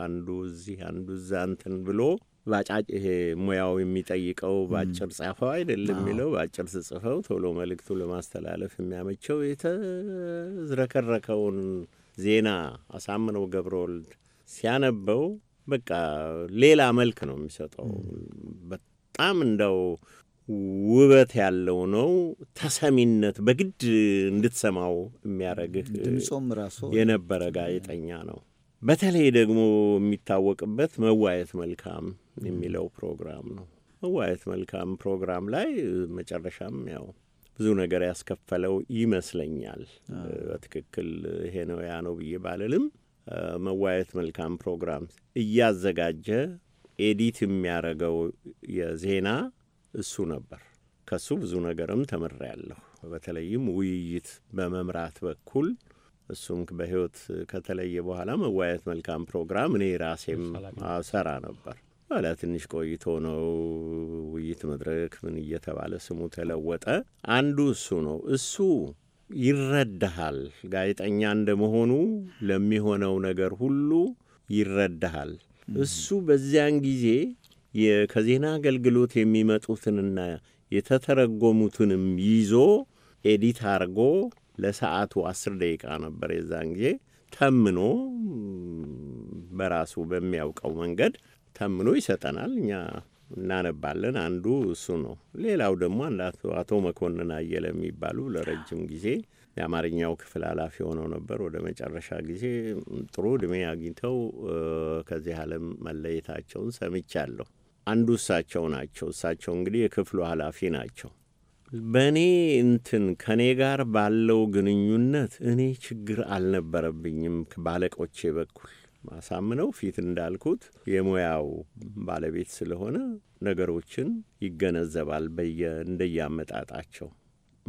አንዱ እዚህ አንዱ እዛ እንትን ብሎ ባጫጭ ይሄ ሙያው የሚጠይቀው በአጭር ጻፈው አይደለም የሚለው በአጭር ስጽፈው ቶሎ መልእክቱ ለማስተላለፍ የሚያመቸው የተዝረከረከውን ዜና አሳምነው ገብረወልድ ሲያነበው በቃ ሌላ መልክ ነው የሚሰጠው። በጣም እንደው ውበት ያለው ነው። ተሰሚነት በግድ እንድትሰማው የሚያረግህ ድምፆም ራሱ የነበረ ጋዜጠኛ ነው። በተለይ ደግሞ የሚታወቅበት መዋየት መልካም የሚለው ፕሮግራም ነው። መዋየት መልካም ፕሮግራም ላይ መጨረሻም ያው ብዙ ነገር ያስከፈለው ይመስለኛል። በትክክል ይሄ ነው ያ ነው ብዬ ባልልም መዋየት መልካም ፕሮግራም እያዘጋጀ ኤዲት የሚያደርገው የዜና እሱ ነበር። ከሱ ብዙ ነገርም ተምሬያለሁ። በተለይም ውይይት በመምራት በኩል እሱም በህይወት ከተለየ በኋላ መዋየት መልካም ፕሮግራም እኔ ራሴም ሰራ ነበር። በኋላ ትንሽ ቆይቶ ነው ውይይት መድረክ ምን እየተባለ ስሙ ተለወጠ። አንዱ እሱ ነው። እሱ ይረዳሃል፣ ጋዜጠኛ እንደመሆኑ ለሚሆነው ነገር ሁሉ ይረዳሃል። እሱ በዚያን ጊዜ ከዜና አገልግሎት የሚመጡትንና የተተረጎሙትንም ይዞ ኤዲት አርጎ ለሰዓቱ አስር ደቂቃ ነበር የዛን ጊዜ ተምኖ በራሱ በሚያውቀው መንገድ ተምኖ ይሰጠናል። እኛ እናነባለን። አንዱ እሱ ነው። ሌላው ደግሞ አቶ መኮንን አየለ የሚባሉ ለረጅም ጊዜ የአማርኛው ክፍል ኃላፊ ሆነው ነበር። ወደ መጨረሻ ጊዜ ጥሩ እድሜ አግኝተው ከዚህ ዓለም መለየታቸውን ሰምቻለሁ። አንዱ እሳቸው ናቸው። እሳቸው እንግዲህ የክፍሉ ኃላፊ ናቸው። በእኔ እንትን ከእኔ ጋር ባለው ግንኙነት እኔ ችግር አልነበረብኝም። ባለቆቼ በኩል ማሳምነው ፊት እንዳልኩት የሙያው ባለቤት ስለሆነ ነገሮችን ይገነዘባል። በየ እንደያመጣጣቸው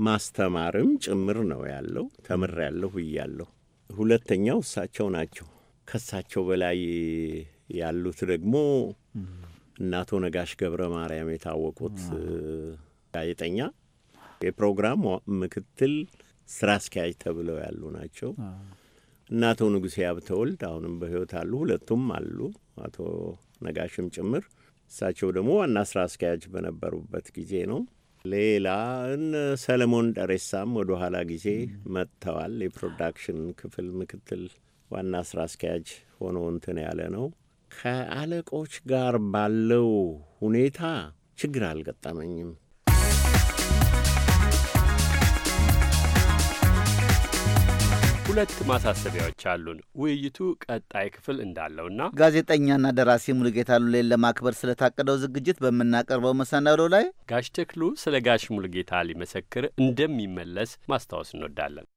ማስተማርም ጭምር ነው ያለው። ተምር ያለሁ ብያለሁ። ሁለተኛው እሳቸው ናቸው። ከእሳቸው በላይ ያሉት ደግሞ እናቶ ነጋሽ ገብረ ማርያም የታወቁት ጋዜጠኛ የፕሮግራም ምክትል ስራ አስኪያጅ ተብለው ያሉ ናቸው እና አቶ ንጉሴ አብተወልድ አሁንም በህይወት አሉ። ሁለቱም አሉ፣ አቶ ነጋሽም ጭምር። እሳቸው ደግሞ ዋና ስራ አስኪያጅ በነበሩበት ጊዜ ነው። ሌላ እነ ሰለሞን ደሬሳም ወደ ኋላ ጊዜ መጥተዋል። የፕሮዳክሽን ክፍል ምክትል ዋና ስራ አስኪያጅ ሆኖ እንትን ያለ ነው። ከአለቆች ጋር ባለው ሁኔታ ችግር አልገጠመኝም። ሁለት ማሳሰቢያዎች አሉን። ውይይቱ ቀጣይ ክፍል እንዳለውና ጋዜጠኛና ደራሲ ሙሉጌታ ሉሌን ለማክበር ስለታቀደው ዝግጅት በምናቀርበው መሰናዶ ላይ ጋሽ ተክሉ ስለ ጋሽ ሙሉጌታ ሊመሰክር እንደሚመለስ ማስታወስ እንወዳለን።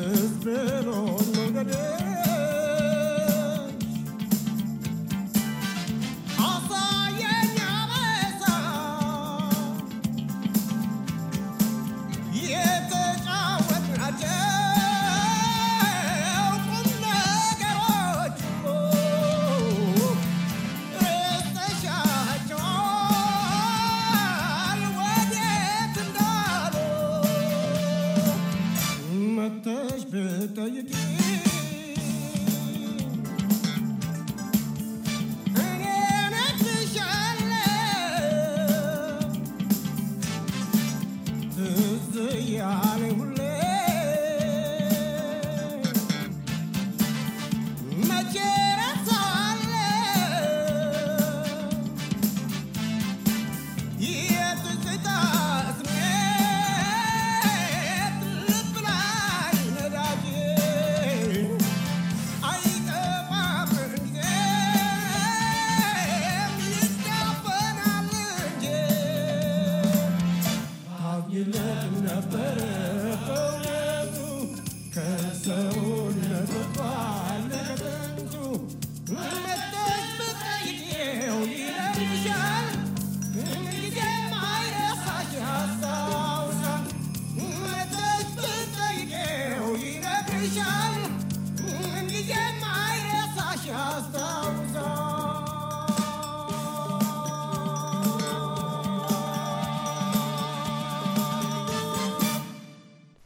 desvelo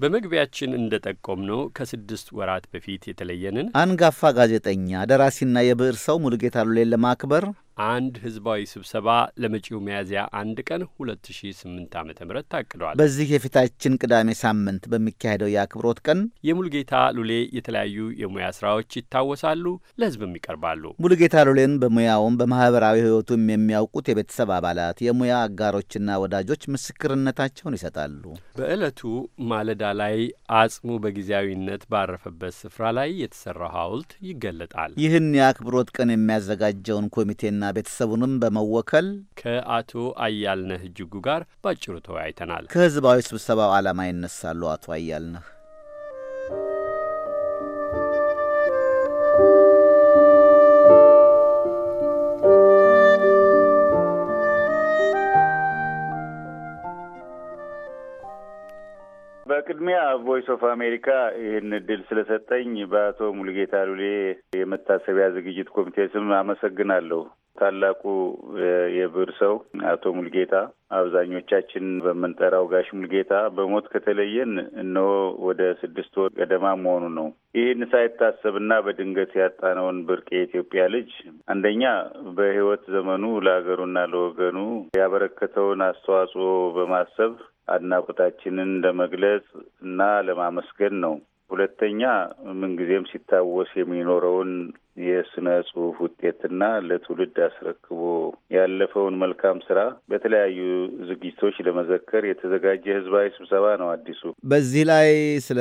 በመግቢያችን እንደ ነው ከስድስት ወራት በፊት የተለየንን አንጋፋ ጋዜጠኛ ደራሲና የብዕር ሰው ሙሉጌታ ሉሌን ለማክበር አንድ ህዝባዊ ስብሰባ ለመጪው ሚያዝያ አንድ ቀን 2008 ዓ ም ታቅዷል። በዚህ የፊታችን ቅዳሜ ሳምንት በሚካሄደው የአክብሮት ቀን የሙልጌታ ሉሌ የተለያዩ የሙያ ስራዎች ይታወሳሉ፣ ለህዝብም ይቀርባሉ። ሙልጌታ ሉሌን በሙያውም በማህበራዊ ህይወቱም የሚያውቁት የቤተሰብ አባላት፣ የሙያ አጋሮችና ወዳጆች ምስክርነታቸውን ይሰጣሉ። በዕለቱ ማለዳ ላይ አጽሙ በጊዜያዊነት ባረፈበት ስፍራ ላይ የተሰራው ሐውልት ይገለጣል። ይህን የአክብሮት ቀን የሚያዘጋጀውን ኮሚቴና ቤተሰቡንም በመወከል ከአቶ አያልነህ እጅጉ ጋር ባጭሩ ተወያይተናል። ከህዝባዊ ስብሰባው ዓላማ ይነሳሉ አቶ አያልነህ በቅድሚያ ቮይስ ኦፍ አሜሪካ ይህን እድል ስለሰጠኝ በአቶ ሙሉጌታ ሉሌ የመታሰቢያ ዝግጅት ኮሚቴ ስም አመሰግናለሁ። ታላቁ የብር ሰው አቶ ሙልጌታ አብዛኞቻችን በምንጠራው ጋሽ ሙልጌታ በሞት ከተለየን እነሆ ወደ ስድስት ወር ገደማ መሆኑ ነው። ይህን ሳይታሰብና በድንገት ያጣነውን ብርቅ የኢትዮጵያ ልጅ አንደኛ በሕይወት ዘመኑ ለሀገሩና ለወገኑ ያበረከተውን አስተዋጽኦ በማሰብ አድናቆታችንን ለመግለጽ እና ለማመስገን ነው። ሁለተኛ ምንጊዜም ሲታወስ የሚኖረውን የስነ ጽሁፍ ውጤትና ለትውልድ አስረክቦ ያለፈውን መልካም ስራ በተለያዩ ዝግጅቶች ለመዘከር የተዘጋጀ ህዝባዊ ስብሰባ ነው። አዲሱ በዚህ ላይ ስለ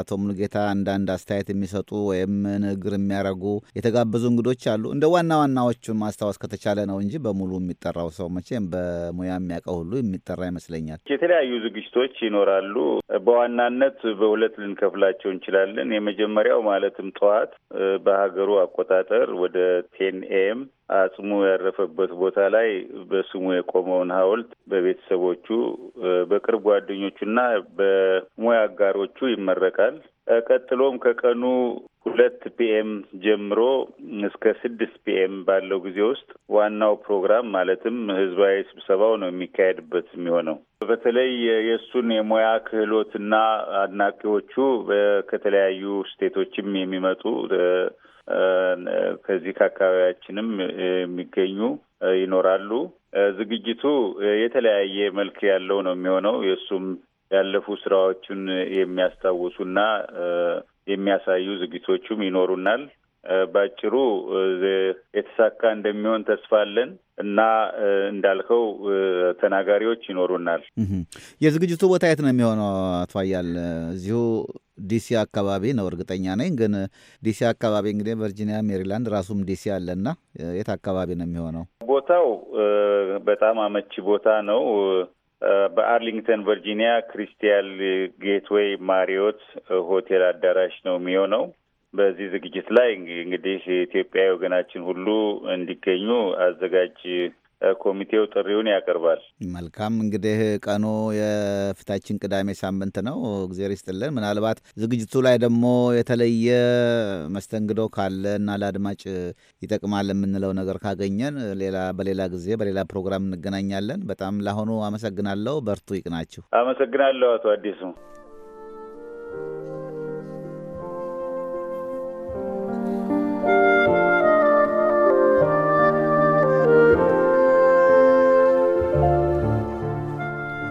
አቶ ሙሉጌታ አንዳንድ አስተያየት የሚሰጡ ወይም ንግግር የሚያደርጉ የተጋበዙ እንግዶች አሉ። እንደ ዋና ዋናዎቹን ማስታወስ ከተቻለ ነው እንጂ በሙሉ የሚጠራው ሰው መቼም በሙያ የሚያውቀው ሁሉ የሚጠራ ይመስለኛል። የተለያዩ ዝግጅቶች ይኖራሉ። በዋናነት በሁለት ልንከፍላቸው እንችላለን። የመጀመሪያው ማለትም ጠዋት በሀገሩ አቆጣጠር ወደ ቴን ኤም አጽሙ ያረፈበት ቦታ ላይ በስሙ የቆመውን ሐውልት በቤተሰቦቹ በቅርብ ጓደኞቹና በሙያ አጋሮቹ ይመረቃል። ቀጥሎም ከቀኑ ሁለት ፒኤም ጀምሮ እስከ ስድስት ፒኤም ባለው ጊዜ ውስጥ ዋናው ፕሮግራም ማለትም ህዝባዊ ስብሰባው ነው የሚካሄድበት የሚሆነው። በተለይ የእሱን የሙያ ክህሎትና አድናቂዎቹ ከተለያዩ ስቴቶችም የሚመጡ ከዚህ ከአካባቢያችንም የሚገኙ ይኖራሉ። ዝግጅቱ የተለያየ መልክ ያለው ነው የሚሆነው የእሱም ያለፉ ስራዎችን የሚያስታውሱና የሚያሳዩ ዝግጅቶቹም ይኖሩናል። በአጭሩ የተሳካ እንደሚሆን ተስፋ አለን እና እንዳልከው ተናጋሪዎች ይኖሩናል። የዝግጅቱ ቦታ የት ነው የሚሆነው? አቶ አያል እዚሁ ዲሲ አካባቢ ነው እርግጠኛ ነኝ። ግን ዲሲ አካባቢ እንግዲህ ቨርጂኒያ፣ ሜሪላንድ ራሱም ዲሲ አለና የት አካባቢ ነው የሚሆነው? ቦታው በጣም አመቺ ቦታ ነው። በአርሊንግተን ቨርጂኒያ ክሪስቲያል ጌትዌይ ማሪዮት ሆቴል አዳራሽ ነው የሚሆነው። በዚህ ዝግጅት ላይ እንግዲህ ኢትዮጵያ ወገናችን ሁሉ እንዲገኙ አዘጋጅ ኮሚቴው ጥሪውን ያቀርባል። መልካም እንግዲህ ቀኑ የፊታችን ቅዳሜ ሳምንት ነው። እግዜር ይስጥልን። ምናልባት ዝግጅቱ ላይ ደግሞ የተለየ መስተንግዶ ካለ እና ለአድማጭ ይጠቅማል የምንለው ነገር ካገኘን ሌላ በሌላ ጊዜ በሌላ ፕሮግራም እንገናኛለን። በጣም ለአሁኑ አመሰግናለሁ። በርቱ፣ ይቅናችሁ። አመሰግናለሁ አቶ አዲሱ።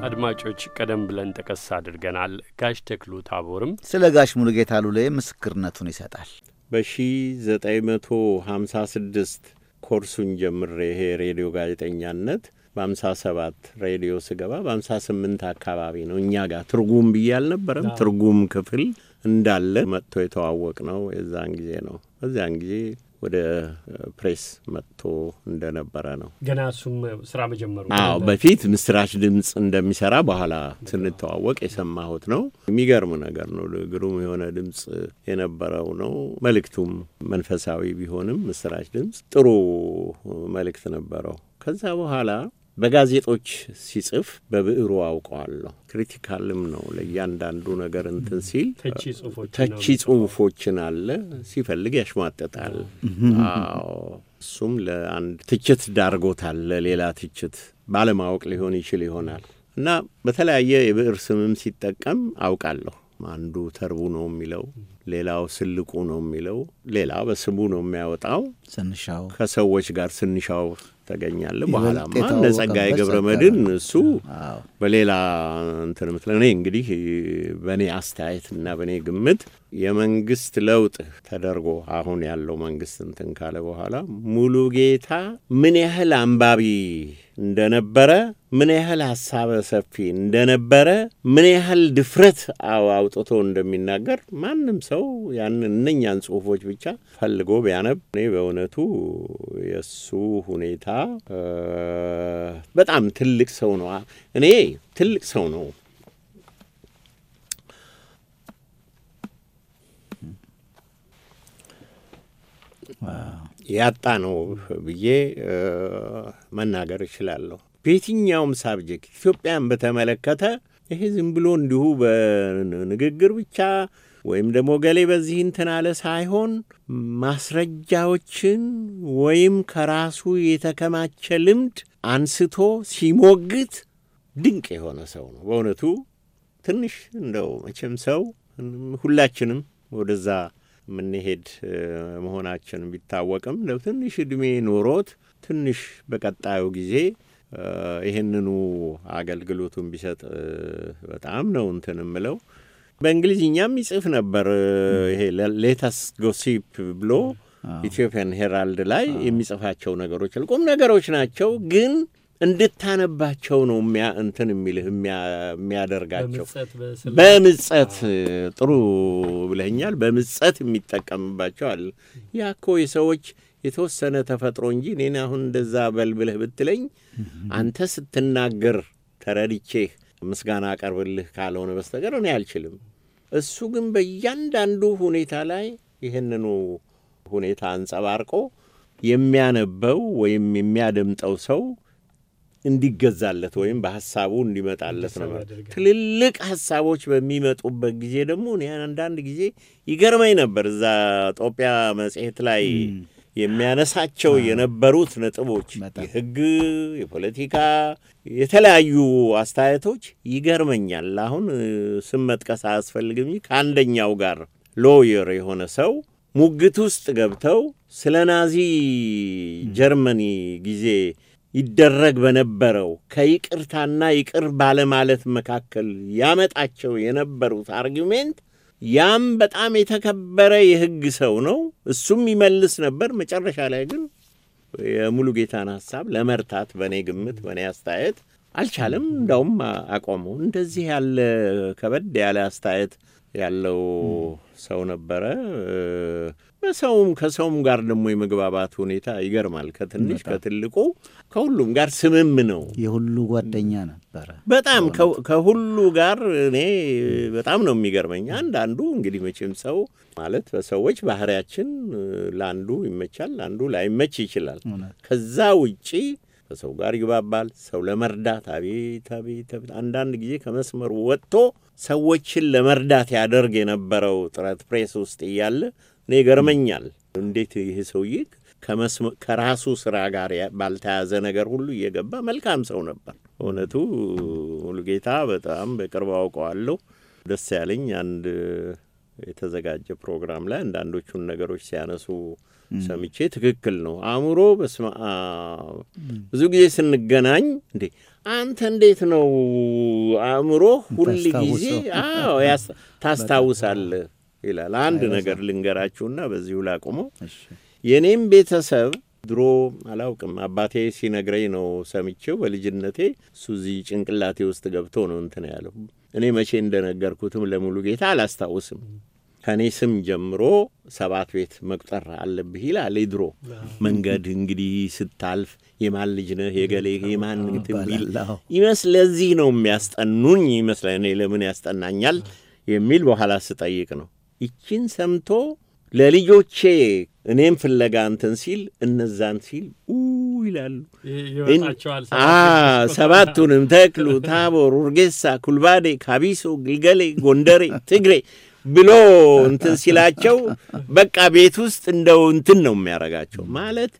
አድማጮች ቀደም ብለን ጠቀስ አድርገናል። ጋሽ ተክሉ ታቦርም ስለ ጋሽ ሙሉጌታ ሉሌ ምስክርነቱን ይሰጣል። በ1956 ኮርሱን ጀምሬ ይሄ ሬዲዮ ጋዜጠኛነት በ57 ሬዲዮ ስገባ በ58 አካባቢ ነው እኛ ጋር ትርጉም ብዬ አልነበረም ትርጉም ክፍል እንዳለ መጥቶ የተዋወቅ ነው። የዛን ጊዜ ነው በዚያን ጊዜ ወደ ፕሬስ መጥቶ እንደነበረ ነው። ገና እሱም ስራ መጀመሩ። አዎ በፊት ምስራች ድምፅ እንደሚሰራ በኋላ ስንተዋወቅ የሰማሁት ነው። የሚገርም ነገር ነው። ግሩም የሆነ ድምፅ የነበረው ነው። መልእክቱም መንፈሳዊ ቢሆንም ምስራች ድምፅ ጥሩ መልእክት ነበረው። ከዛ በኋላ በጋዜጦች ሲጽፍ በብዕሩ አውቀዋለሁ። ክሪቲካልም ነው ለእያንዳንዱ ነገር እንትን ሲል ተቺ ጽሁፎችን አለ ሲፈልግ ያሽሟጠጣል። አዎ እሱም ለአንድ ትችት ዳርጎታል፣ ለሌላ ትችት ባለማወቅ ሊሆን ይችል ይሆናል እና በተለያየ የብዕር ስምም ሲጠቀም አውቃለሁ። አንዱ ተርቡ ነው የሚለው፣ ሌላው ስልቁ ነው የሚለው፣ ሌላ በስሙ ነው የሚያወጣው። ስንሻው ከሰዎች ጋር ስንሻው ተገኛለ። በኋላማ እነ ጸጋዬ ገብረ መድን እሱ በሌላ እንትን ምትለ እኔ እንግዲህ በእኔ አስተያየት እና በእኔ ግምት የመንግስት ለውጥ ተደርጎ አሁን ያለው መንግስት እንትን ካለ በኋላ ሙሉ ጌታ ምን ያህል አንባቢ እንደነበረ ምን ያህል ሀሳበ ሰፊ እንደነበረ ምን ያህል ድፍረት አውጥቶ እንደሚናገር ማንም ሰው ያን እነኛን ጽሁፎች ብቻ ፈልጎ ቢያነብ እኔ በእውነቱ የእሱ ሁኔታ በጣም ትልቅ ሰው ነው። እኔ ትልቅ ሰው ነው ያጣ ነው ብዬ መናገር እችላለሁ። በየትኛውም ሳብጀክት ኢትዮጵያን በተመለከተ ይሄ ዝም ብሎ እንዲሁ በንግግር ብቻ ወይም ደግሞ ገሌ በዚህ እንትን አለ ሳይሆን ማስረጃዎችን ወይም ከራሱ የተከማቸ ልምድ አንስቶ ሲሞግት ድንቅ የሆነ ሰው ነው በእውነቱ። ትንሽ እንደው መቼም ሰው ሁላችንም ወደዛ የምንሄድ መሆናችን ቢታወቅም ለትንሽ እድሜ ኖሮት ትንሽ በቀጣዩ ጊዜ ይህንኑ አገልግሎቱን ቢሰጥ በጣም ነው እንትን ምለው። በእንግሊዝኛም ይጽፍ ነበር። ይሄ ሌተስ ጎሲፕ ብሎ ኢትዮጵያን ሄራልድ ላይ የሚጽፋቸው ነገሮች ቁም ነገሮች ናቸው ግን እንድታነባቸው ነው የሚያ እንትን የሚልህ የሚያደርጋቸው በምጸት ጥሩ ብለኛል። በምጸት የሚጠቀምባቸው አለ። ያ እኮ የሰዎች የተወሰነ ተፈጥሮ እንጂ እኔን አሁን እንደዛ በልብልህ ብትለኝ አንተ ስትናገር ተረድቼህ ምስጋና አቀርብልህ ካልሆነ በስተቀር እኔ አልችልም። እሱ ግን በእያንዳንዱ ሁኔታ ላይ ይህንኑ ሁኔታ አንጸባርቆ የሚያነበው ወይም የሚያደምጠው ሰው እንዲገዛለት ወይም በሀሳቡ እንዲመጣለት ነው። ትልልቅ ሀሳቦች በሚመጡበት ጊዜ ደግሞ እኔ አንዳንድ ጊዜ ይገርመኝ ነበር እዛ ጦጵያ መጽሔት ላይ የሚያነሳቸው የነበሩት ነጥቦች የህግ፣ የፖለቲካ፣ የተለያዩ አስተያየቶች ይገርመኛል። አሁን ስም መጥቀስ አያስፈልግም። ከአንደኛው ጋር ሎየር የሆነ ሰው ሙግት ውስጥ ገብተው ስለ ናዚ ጀርመኒ ጊዜ ይደረግ በነበረው ከይቅርታና ይቅር ባለማለት መካከል ያመጣቸው የነበሩት አርጊሜንት ያም በጣም የተከበረ የሕግ ሰው ነው። እሱም ይመልስ ነበር። መጨረሻ ላይ ግን የሙሉ ጌታን ሐሳብ ለመርታት በእኔ ግምት፣ በእኔ አስተያየት አልቻለም። እንዳውም አቆመው። እንደዚህ ያለ ከበድ ያለ አስተያየት ያለው ሰው ነበረ። በሰውም ከሰውም ጋር ደግሞ የመግባባት ሁኔታ ይገርማል። ከትንሽ ከትልቁ ከሁሉም ጋር ስምም ነው። የሁሉ ጓደኛ ነበረ። በጣም ከሁሉ ጋር እኔ በጣም ነው የሚገርመኝ። አንዳንዱ እንግዲህ መቼም ሰው ማለት በሰዎች ባህሪያችን ለአንዱ ይመቻል፣ ለአንዱ ላይመች ይችላል። ከዛ ውጪ ከሰው ጋር ይግባባል። ሰው ለመርዳት አቤት አቤት አቤት አንዳንድ ጊዜ ከመስመሩ ወጥቶ ሰዎችን ለመርዳት ያደርግ የነበረው ጥረት ፕሬስ ውስጥ እያለ እኔ ይገርመኛል እንዴት ይህ ሰውዬ ከራሱ ስራ ጋር ባልተያዘ ነገር ሁሉ እየገባ መልካም ሰው ነበር። እውነቱ ሙሉጌታ በጣም በቅርብ አውቀዋለሁ። ደስ ያለኝ አንድ የተዘጋጀ ፕሮግራም ላይ አንዳንዶቹን ነገሮች ሲያነሱ ሰምቼ ትክክል ነው። አእምሮ በስመ አብ ብዙ ጊዜ ስንገናኝ እንዴ አንተ እንዴት ነው አእምሮ ሁል ጊዜ ታስታውሳለህ ይላል። አንድ ነገር ልንገራችሁና በዚሁ ላቁመው። የእኔም ቤተሰብ ድሮ አላውቅም፣ አባቴ ሲነግረኝ ነው ሰምቼው። በልጅነቴ እሱ እዚህ ጭንቅላቴ ውስጥ ገብቶ ነው እንትን ያለው። እኔ መቼ እንደነገርኩትም ለሙሉ ጌታ አላስታውስም። ከእኔ ስም ጀምሮ ሰባት ቤት መቁጠር አለብህ ይላል። ድሮ መንገድ እንግዲህ ስታልፍ የማን ልጅ ነህ የገሌ የማን ትሚል ይመስ ለዚህ ነው የሚያስጠኑኝ ይመስላል። እኔ ለምን ያስጠናኛል የሚል በኋላ ስጠይቅ ነው ይችን ሰምቶ ለልጆቼ እኔም ፍለጋ እንትን ሲል እነዛን ሲል ይላሉ። ሰባቱንም ተክሉ፣ ታቦር፣ ውርጌሳ፣ ኩልባዴ፣ ካቢሶ፣ ግልገሌ፣ ጎንደሬ፣ ትግሬ ብሎ እንትን ሲላቸው በቃ ቤት ውስጥ እንደው እንትን ነው የሚያረጋቸው። ማለት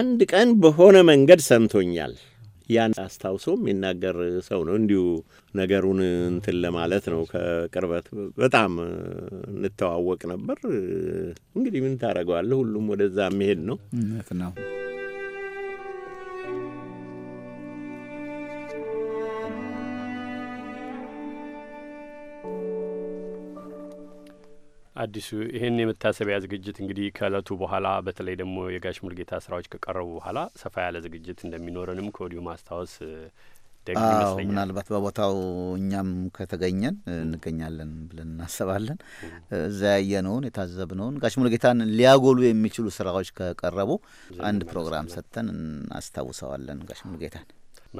አንድ ቀን በሆነ መንገድ ሰምቶኛል ያን አስታውሶም የሚናገር ሰው ነው። እንዲሁ ነገሩን እንትን ለማለት ነው። ከቅርበት በጣም እንተዋወቅ ነበር። እንግዲህ ምን ታደርገዋለህ? ሁሉም ወደዛ የሚሄድ ነው ነው አዲሱ ይህን የመታሰቢያ ዝግጅት እንግዲህ ከእለቱ በኋላ በተለይ ደግሞ የጋሽ ሙልጌታ ስራዎች ከቀረቡ በኋላ ሰፋ ያለ ዝግጅት እንደሚኖረንም ከወዲሁ ማስታወስ ደግ ምናልባት በቦታው እኛም ከተገኘን እንገኛለን ብለን እናስባለን። እዛ ያየነውን የታዘብነውን ጋሽ ሙልጌታን ሊያጎሉ የሚችሉ ስራዎች ከቀረቡ አንድ ፕሮግራም ሰጥተን እናስታውሰዋለን ጋሽ ሙልጌታን።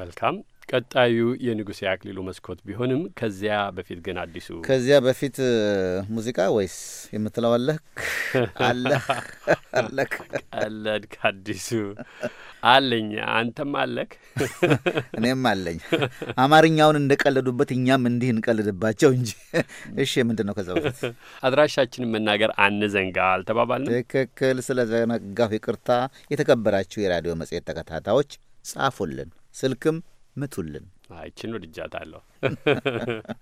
መልካም ቀጣዩ የንጉሴ አክሊሉ መስኮት ቢሆንም ከዚያ በፊት ግን አዲሱ ከዚያ በፊት ሙዚቃ ወይስ የምትለው አለህ አለህ አለህ አለኝ አንተም አለክ እኔም አለኝ። አማርኛውን እንደቀለዱበት እኛም እንዲህ እንቀልድባቸው እንጂ። እሺ ምንድን ነው ከዛ በፊት አድራሻችንን መናገር አንዘንጋ አልተባባልንም? ትክክል። ስለ ዘነጋሁ ይቅርታ። የተከበራችሁ የራዲዮ መጽሔት ተከታታዮች ጻፉልን። ስልክም ምቱልን። አይችን ወድጃታለሁ።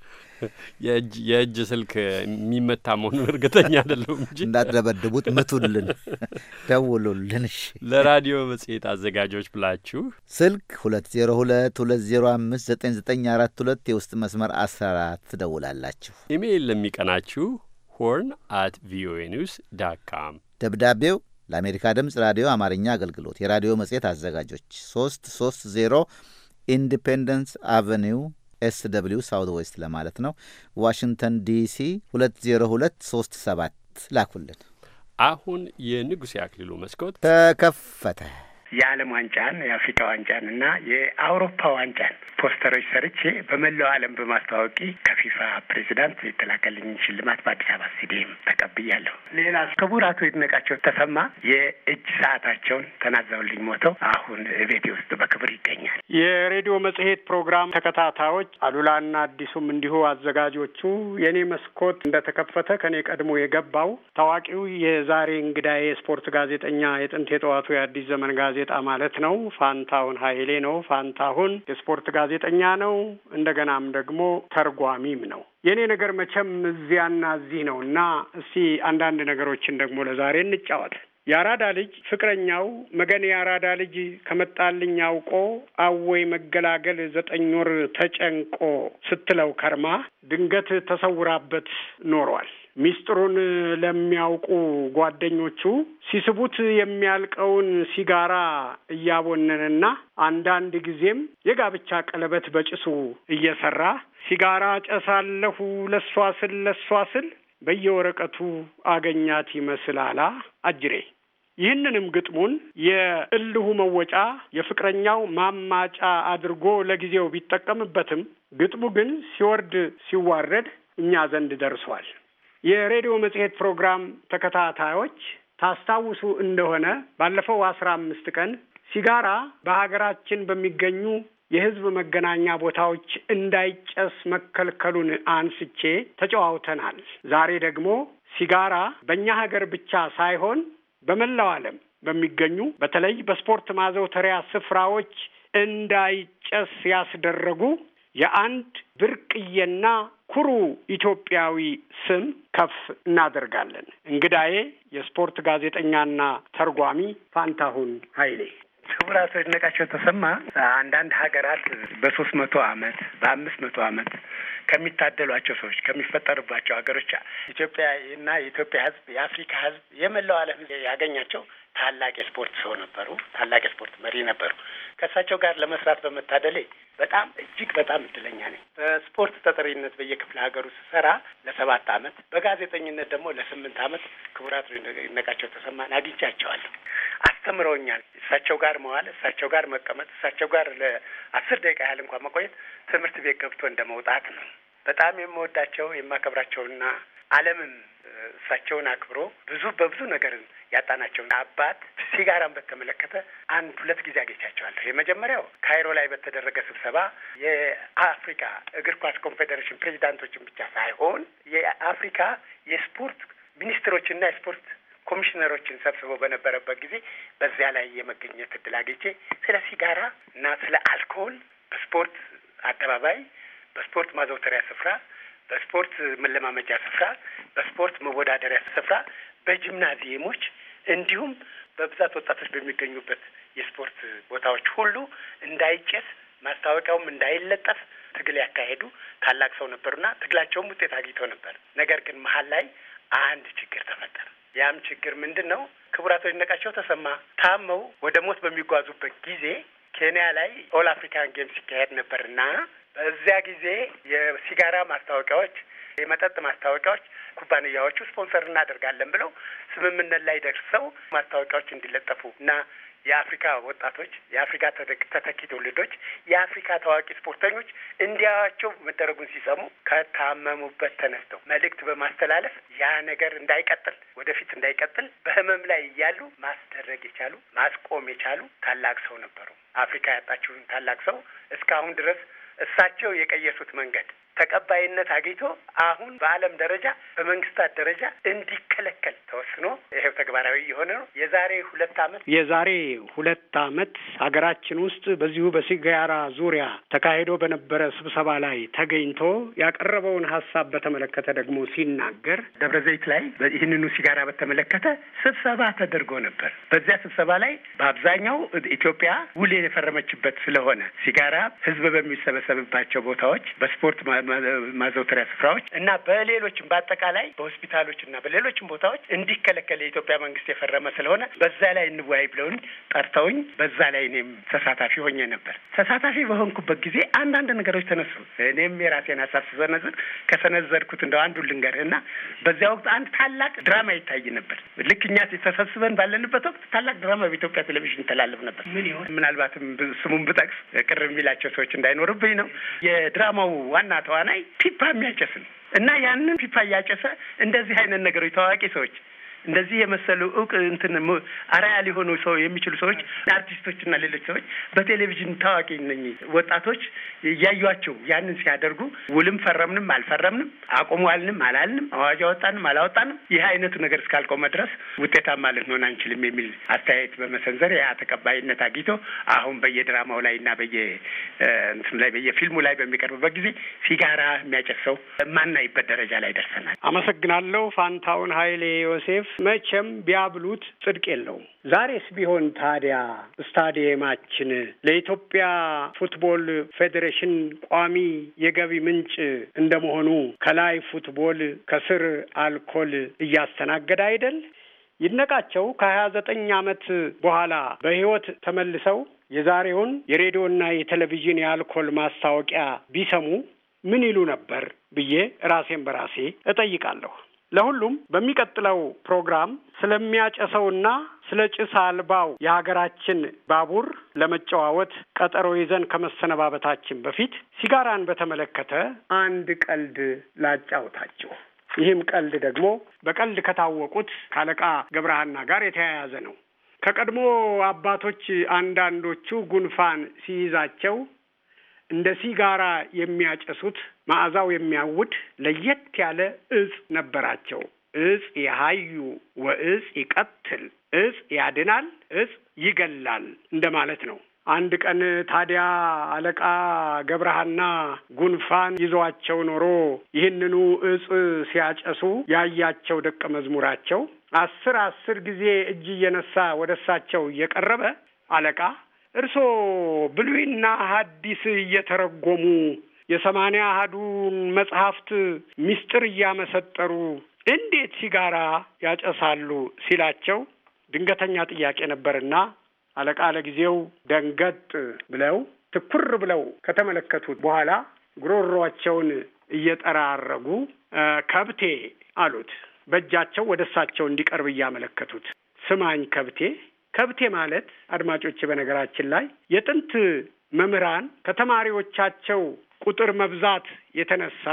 የእጅ ስልክ የሚመታ መሆኑን እርግጠኛ አይደለሁም እንጂ እንዳትደበድቡት፣ ምቱልን፣ ደውሉልን። እሺ ለራዲዮ መጽሔት አዘጋጆች ብላችሁ ስልክ ሁለት ዜሮ ሁለት ሁለት ዜሮ አምስት ዘጠኝ ዘጠኝ አራት ሁለት የውስጥ መስመር አስራ አራት ትደውላላችሁ። ኢሜይል ለሚቀናችሁ ሆርን አት ቪኦኤ ኒውስ ዳት ካም ደብዳቤው ለአሜሪካ ድምፅ ራዲዮ አማርኛ አገልግሎት የራዲዮ መጽሔት አዘጋጆች 330 ኢንዲፔንደንስ አቨኒው ኤስ ደብልዩ ሳውት ዌስት ለማለት ነው፣ ዋሽንግተን ዲሲ 20237 ላኩልን። አሁን የንጉሴ አክሊሉ መስኮት ተከፈተ። የዓለም ዋንጫን የአፍሪካ ዋንጫን እና የአውሮፓ ዋንጫን ፖስተሮች ሰርቼ በመላው ዓለም በማስተዋወቂ ከፊፋ ፕሬዚዳንት የተላከልኝ ሽልማት በአዲስ አበባ ስቴዲየም ተቀብያለሁ። ሌላ ክቡር አቶ ይድነቃቸው ተሰማ የእጅ ሰዓታቸውን ተናዘውልኝ ሞተው አሁን ቤቴ ውስጥ በክብር ይገኛል። የሬዲዮ መጽሔት ፕሮግራም ተከታታዮች አሉላና አዲሱም እንዲሁ አዘጋጆቹ የእኔ መስኮት እንደተከፈተ ከኔ ቀድሞ የገባው ታዋቂው የዛሬ እንግዳዬ የስፖርት ጋዜጠኛ የጥንት የጠዋቱ የአዲስ ዘመን ጋዜ ጋዜጣ ማለት ነው። ፋንታሁን ኃይሌ ነው። ፋንታሁን የስፖርት ጋዜጠኛ ነው። እንደገናም ደግሞ ተርጓሚም ነው። የእኔ ነገር መቼም እዚያና እዚህ ነው እና እስቲ አንዳንድ ነገሮችን ደግሞ ለዛሬ እንጫወት። የአራዳ ልጅ ፍቅረኛው መገን የአራዳ ልጅ ከመጣልኝ አውቆ አወይ መገላገል ዘጠኝ ወር ተጨንቆ ስትለው ከርማ ድንገት ተሰውራበት ኖሯል። ሚስጥሩን ለሚያውቁ ጓደኞቹ ሲስቡት የሚያልቀውን ሲጋራ እያቦነንና አንዳንድ ጊዜም የጋብቻ ቀለበት በጭሱ እየሰራ ሲጋራ ጨሳለሁ ለሷ ስል ለሷ ስል በየወረቀቱ አገኛት ይመስላላ አጅሬ ይህንንም ግጥሙን የእልሁ መወጫ የፍቅረኛው ማማጫ አድርጎ ለጊዜው ቢጠቀምበትም ግጥሙ ግን ሲወርድ ሲዋረድ እኛ ዘንድ ደርሷል። የሬዲዮ መጽሔት ፕሮግራም ተከታታዮች ታስታውሱ እንደሆነ ባለፈው አስራ አምስት ቀን ሲጋራ በሀገራችን በሚገኙ የሕዝብ መገናኛ ቦታዎች እንዳይጨስ መከልከሉን አንስቼ ተጨዋውተናል። ዛሬ ደግሞ ሲጋራ በእኛ ሀገር ብቻ ሳይሆን በመላው ዓለም በሚገኙ በተለይ በስፖርት ማዘውተሪያ ስፍራዎች እንዳይጨስ ያስደረጉ የአንድ ብርቅዬና ኩሩ ኢትዮጵያዊ ስም ከፍ እናደርጋለን። እንግዳዬ የስፖርት ጋዜጠኛና ተርጓሚ ፋንታሁን ኃይሌ። ክቡራቶ ይድነቃቸው ተሰማ አንዳንድ ሀገራት በሶስት መቶ አመት በአምስት መቶ አመት ከሚታደሏቸው ሰዎች ከሚፈጠርባቸው ሀገሮች ኢትዮጵያ እና የኢትዮጵያ ሕዝብ የአፍሪካ ሕዝብ የመላው ዓለም ያገኛቸው ታላቅ የስፖርት ሰው ነበሩ። ታላቅ የስፖርት መሪ ነበሩ። ከእሳቸው ጋር ለመስራት በመታደሌ በጣም እጅግ በጣም እድለኛ ነኝ። በስፖርት ተጠሪነት በየክፍለ ሀገሩ ስሰራ ለሰባት አመት በጋዜጠኝነት ደግሞ ለስምንት አመት ክቡራት ይድነቃቸው ተሰማን አግኝቻቸዋለሁ። አስተምረውኛል። እሳቸው ጋር መዋል፣ እሳቸው ጋር መቀመጥ፣ እሳቸው ጋር ለአስር ደቂቃ ያህል እንኳን መቆየት ትምህርት ቤት ገብቶ እንደ መውጣት ነው። በጣም የምወዳቸው የማከብራቸውና ዓለምም እሳቸውን አክብሮ ብዙ በብዙ ነገር ያጣናቸው አባት ሲጋራን በተመለከተ አንድ ሁለት ጊዜ አግኝቻቸዋለሁ። የመጀመሪያው ካይሮ ላይ በተደረገ ስብሰባ የአፍሪካ እግር ኳስ ኮንፌዴሬሽን ፕሬዚዳንቶችን ብቻ ሳይሆን የአፍሪካ የስፖርት ሚኒስትሮችና የስፖርት ኮሚሽነሮችን ሰብስበው በነበረበት ጊዜ በዚያ ላይ የመገኘት እድል አግኝቼ ስለ ሲጋራ እና ስለ አልኮል በስፖርት አደባባይ፣ በስፖርት ማዘውተሪያ ስፍራ በስፖርት መለማመጃ ስፍራ፣ በስፖርት መወዳደሪያ ስፍራ፣ በጂምናዚየሞች እንዲሁም በብዛት ወጣቶች በሚገኙበት የስፖርት ቦታዎች ሁሉ እንዳይጨስ ማስታወቂያውም እንዳይለጠፍ ትግል ያካሄዱ ታላቅ ሰው ነበሩና ትግላቸውም ውጤት አግኝተው ነበር። ነገር ግን መሀል ላይ አንድ ችግር ተፈጠረ። ያም ችግር ምንድን ነው? ክቡር አቶ ተሰማ ታመው ወደ ሞት በሚጓዙበት ጊዜ ኬንያ ላይ ኦል አፍሪካን ጌም ሲካሄድ ነበርና በዚያ ጊዜ የሲጋራ ማስታወቂያዎች፣ የመጠጥ ማስታወቂያዎች ኩባንያዎቹ ስፖንሰር እናደርጋለን ብለው ስምምነት ላይ ደርሰው ማስታወቂያዎች እንዲለጠፉ እና የአፍሪካ ወጣቶች፣ የአፍሪካ ተተኪ ትውልዶች፣ የአፍሪካ ታዋቂ ስፖርተኞች እንዲያዩዋቸው መደረጉን ሲሰሙ ከታመሙበት ተነስተው መልእክት በማስተላለፍ ያ ነገር እንዳይቀጥል ወደፊት እንዳይቀጥል በህመም ላይ እያሉ ማስደረግ የቻሉ ማስቆም የቻሉ ታላቅ ሰው ነበሩ። አፍሪካ ያጣችውን ታላቅ ሰው እስካሁን ድረስ እሳቸው የቀየሱት መንገድ ተቀባይነት አግኝቶ አሁን በዓለም ደረጃ በመንግስታት ደረጃ እንዲከለከል ተወስኖ ይሄው ተግባራዊ የሆነ ነው። የዛሬ ሁለት አመት የዛሬ ሁለት አመት ሀገራችን ውስጥ በዚሁ በሲጋራ ዙሪያ ተካሂዶ በነበረ ስብሰባ ላይ ተገኝቶ ያቀረበውን ሀሳብ በተመለከተ ደግሞ ሲናገር ደብረ ዘይት ላይ ይህንኑ ሲጋራ በተመለከተ ስብሰባ ተደርጎ ነበር። በዚያ ስብሰባ ላይ በአብዛኛው ኢትዮጵያ ውል የፈረመችበት ስለሆነ ሲጋራ ህዝብ በሚሰበሰብባቸው ቦታዎች በስፖርት ማዘውተሪያ ስፍራዎች እና በሌሎችም በአጠቃላይ በሆስፒታሎች እና በሌሎችም ቦታዎች እንዲከለከል የኢትዮጵያ መንግስት የፈረመ ስለሆነ በዛ ላይ እንወያይ ብለውን ጠርተውኝ በዛ ላይ እኔም ተሳታፊ ሆኜ ነበር። ተሳታፊ በሆንኩበት ጊዜ አንዳንድ ነገሮች ተነሱ። እኔም የራሴን ሀሳብ ስሰነዝር ከሰነዘርኩት እንደው አንዱን ልንገርህ እና በዚያ ወቅት አንድ ታላቅ ድራማ ይታይ ነበር። ልክ እኛ ተሰብስበን ባለንበት ወቅት ታላቅ ድራማ በኢትዮጵያ ቴሌቪዥን ይተላለፍ ነበር። ምን ይሆን ምናልባትም ስሙን ብጠቅስ ቅር የሚላቸው ሰዎች እንዳይኖርብኝ ነው። የድራማው ዋና ተዋናይ ፒፓ የሚያጨስ ነው እና ያንን ፒፓ እያጨሰ እንደዚህ አይነት ነገሮች ታዋቂ ሰዎች እንደዚህ የመሰሉ እውቅ እንትን አርአያ ሊሆኑ ሰው የሚችሉ ሰዎች አርቲስቶችና ሌሎች ሰዎች በቴሌቪዥን ታዋቂ ነኝ ወጣቶች እያዩቸው ያንን ሲያደርጉ ውልም ፈረምንም አልፈረምንም አልንም አላልንም አዋጅ አወጣንም አላወጣንም ይህ አይነቱ ነገር እስካልቆመ ድረስ ውጤታማ ልንሆን አንችልም የሚል አስተያየት በመሰንዘር ያ ተቀባይነት አግኝቶ አሁን በየድራማው ላይ እና በየእንትኑ ላይ በየፊልሙ ላይ በሚቀርብበት ጊዜ ሲጋራ የሚያጨሰው ሰው ማናይበት ደረጃ ላይ ደርሰናል። አመሰግናለሁ። ፋንታውን ሀይሌ ዮሴፍ መቼም ቢያብሉት ጽድቅ የለውም። ዛሬስ ቢሆን ታዲያ ስታዲየማችን ለኢትዮጵያ ፉትቦል ፌዴሬሽን ቋሚ የገቢ ምንጭ እንደመሆኑ ከላይ ፉትቦል ከስር አልኮል እያስተናገደ አይደል? ይነቃቸው ከሀያ ዘጠኝ አመት በኋላ በህይወት ተመልሰው የዛሬውን የሬዲዮና የቴሌቪዥን የአልኮል ማስታወቂያ ቢሰሙ ምን ይሉ ነበር ብዬ ራሴን በራሴ እጠይቃለሁ። ለሁሉም በሚቀጥለው ፕሮግራም ስለሚያጨሰውና ስለ ጭስ አልባው የሀገራችን ባቡር ለመጨዋወት ቀጠሮ ይዘን ከመሰነባበታችን በፊት ሲጋራን በተመለከተ አንድ ቀልድ ላጫውታችሁ። ይህም ቀልድ ደግሞ በቀልድ ከታወቁት ካለቃ ገብረሃና ጋር የተያያዘ ነው። ከቀድሞ አባቶች አንዳንዶቹ ጉንፋን ሲይዛቸው እንደ ሲጋራ የሚያጨሱት መዓዛው የሚያውድ ለየት ያለ እጽ ነበራቸው። እጽ የሀዩ ወእጽ ይቀትል፣ እጽ ያድናል፣ እጽ ይገላል እንደማለት ነው። አንድ ቀን ታዲያ አለቃ ገብረሃና ጉንፋን ይዘዋቸው ኖሮ ይህንኑ እጽ ሲያጨሱ ያያቸው ደቀ መዝሙራቸው አስር አስር ጊዜ እጅ እየነሳ ወደ እሳቸው እየቀረበ አለቃ እርሶ ብሉይና ሐዲስ እየተረጎሙ የሰማንያ አህዱን መጽሐፍት ምስጢር እያመሰጠሩ እንዴት ሲጋራ ያጨሳሉ ሲላቸው ድንገተኛ ጥያቄ ነበርና አለቃ ለጊዜው ደንገጥ ብለው ትኩር ብለው ከተመለከቱት በኋላ ጉሮሯቸውን እየጠራረጉ ከብቴ አሉት። በእጃቸው ወደ እሳቸው እንዲቀርብ እያመለከቱት ስማኝ ከብቴ። ከብቴ ማለት አድማጮቼ፣ በነገራችን ላይ የጥንት መምህራን ከተማሪዎቻቸው ቁጥር መብዛት የተነሳ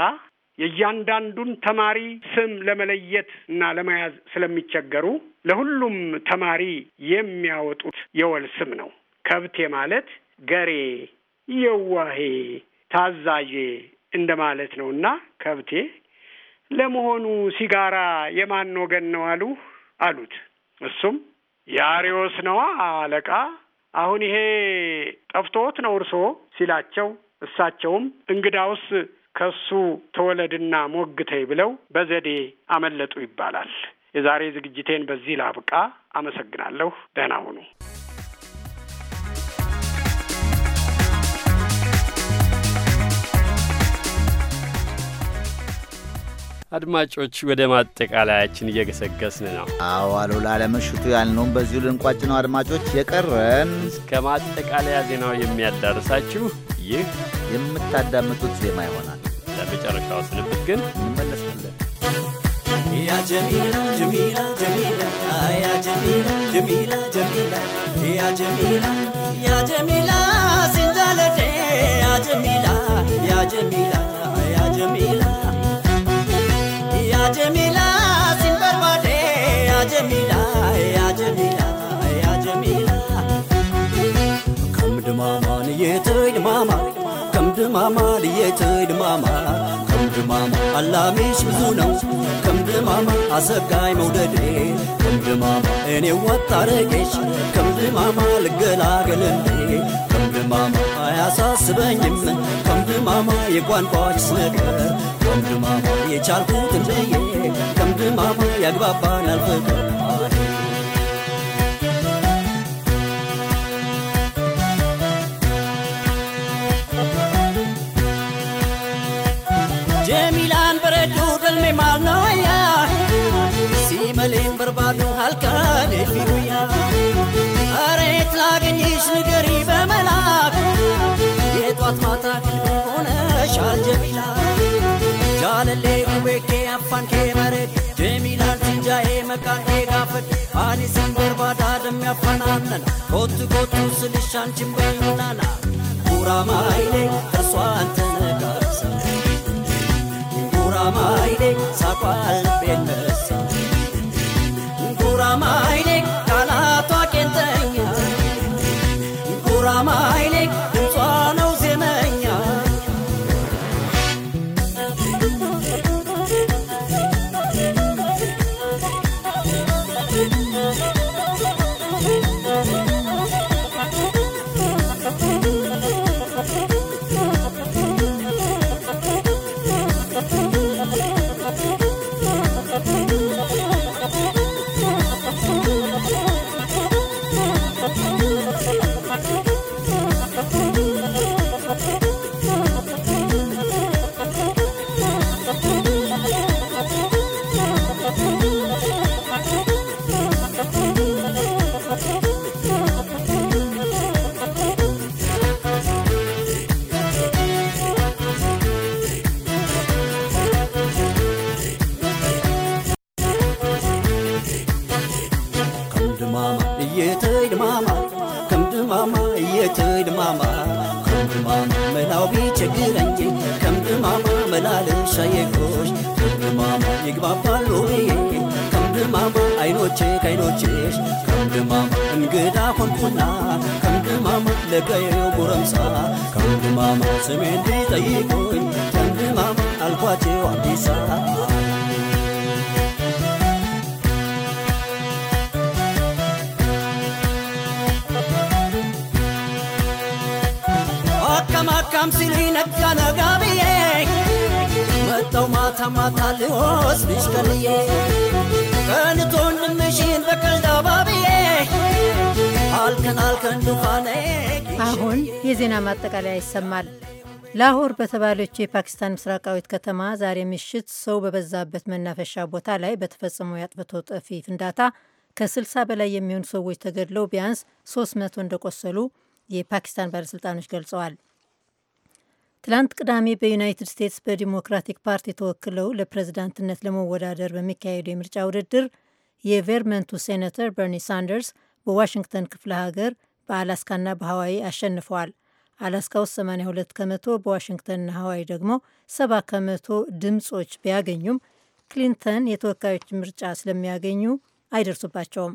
የእያንዳንዱን ተማሪ ስም ለመለየት እና ለመያዝ ስለሚቸገሩ ለሁሉም ተማሪ የሚያወጡት የወል ስም ነው። ከብቴ ማለት ገሬ፣ የዋሄ፣ ታዛዤ እንደማለት ነው እና ከብቴ ለመሆኑ ሲጋራ የማን ወገን ነው አሉ አሉት። እሱም የአሪዎስ ነዋ አለቃ። አሁን ይሄ ጠፍቶት ነው እርሶ ሲላቸው እሳቸውም እንግዳውስ ከሱ ተወለድና ሞግተይ ብለው በዘዴ አመለጡ ይባላል። የዛሬ ዝግጅቴን በዚህ ላብቃ። አመሰግናለሁ። ደህና ሁኑ። አድማጮች ወደ ማጠቃለያችን እየገሰገስን ነው። አዎ አሉላ፣ ለምሽቱ ያልነውም በዚሁ ልንቋጭ ነው። አድማጮች የቀረን እስከ ማጠቃለያ ዜናው የሚያዳርሳችሁ ይህ የምታዳምጡት ዜማ ይሆናል። ለመጨረሻው ስንብት ግን እንመለሳለን። ያ ጀሚላ ጀሚላ ጀሚላ ያ ከምድማማ ልየት ድማማ ከምድማማ አላሜሽ ብዙ ነው ከምድማማ አሰጋይ መውደዴ ከምድማማ እኔ ወጣረቄሽ ከምድማማ ልገላገልልዴ ከምድማማ አያሳስበኝም ከምድማማ የቋንቋችስ ነገር ከምድማማ የቻልኩትን ብዬ ከምድማማ ያግባባናል ፍቅር ልጅ ንገሪ በመላክ የጧት ማታ ግልግል ሆነሽ አልጀሚላ ጃለሌ ውቤኬ አፋንኬ መሬት ጀሚላን ትንጃዬ መቃንኬ ጋፈት አኒስን በርባዳ ደሚያፈናነን ኮቱ ኮቱ ስልሽ አንቺን ጉራማይሌ ከሷ አንተነጋሰ ጉራማይሌ ይሰማል። ላሆር በተባለችው የፓኪስታን ምስራቃዊት ከተማ ዛሬ ምሽት ሰው በበዛበት መናፈሻ ቦታ ላይ በተፈጸመው የአጥፍቶ ጠፊ ፍንዳታ ከ60 በላይ የሚሆኑ ሰዎች ተገድለው ቢያንስ 300 እንደቆሰሉ የፓኪስታን ባለሥልጣኖች ገልጸዋል። ትላንት ቅዳሜ በዩናይትድ ስቴትስ በዲሞክራቲክ ፓርቲ ተወክለው ለፕሬዝዳንትነት ለመወዳደር በሚካሄዱ የምርጫ ውድድር የቬርመንቱ ሴኔተር በርኒ ሳንደርስ በዋሽንግተን ክፍለ ሀገር በአላስካና በሀዋይ አሸንፈዋል። አላስካ ውስጥ 82 ከመቶ፣ በዋሽንግተንና ሀዋይ ደግሞ 70 ከመቶ ድምፆች ቢያገኙም ክሊንተን የተወካዮች ምርጫ ስለሚያገኙ አይደርሱባቸውም።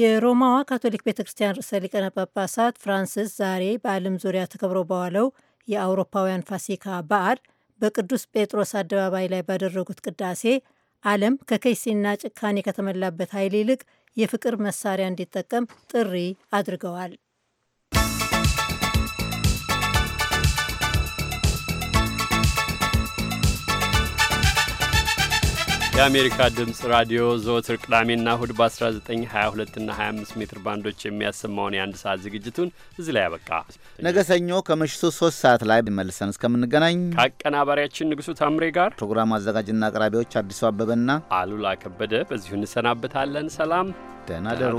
የሮማዋ ካቶሊክ ቤተ ክርስቲያን ርዕሰ ሊቀነ ጳጳሳት ፍራንሲስ ዛሬ በዓለም ዙሪያ ተከብሮ በዋለው የአውሮፓውያን ፋሲካ በዓል በቅዱስ ጴጥሮስ አደባባይ ላይ ባደረጉት ቅዳሴ ዓለም ከከይሲና ጭካኔ ከተመላበት ኃይል ይልቅ የፍቅር መሳሪያ እንዲጠቀም ጥሪ አድርገዋል። የአሜሪካ ድምፅ ራዲዮ ዘወትር ቅዳሜና እሁድ በ1922 እና 25 ሜትር ባንዶች የሚያሰማውን የአንድ ሰዓት ዝግጅቱን እዚህ ላይ ያበቃ። ነገ ሰኞ ከምሽቱ ሶስት ሰዓት ላይ መልሰን እስከምንገናኝ ከአቀናባሪያችን ንጉሱ ታምሬ ጋር ፕሮግራም አዘጋጅና አቅራቢዎች አዲሱ አበበና አሉላ ከበደ በዚሁ እንሰናበታለን። ሰላም፣ ደህና ደሩ።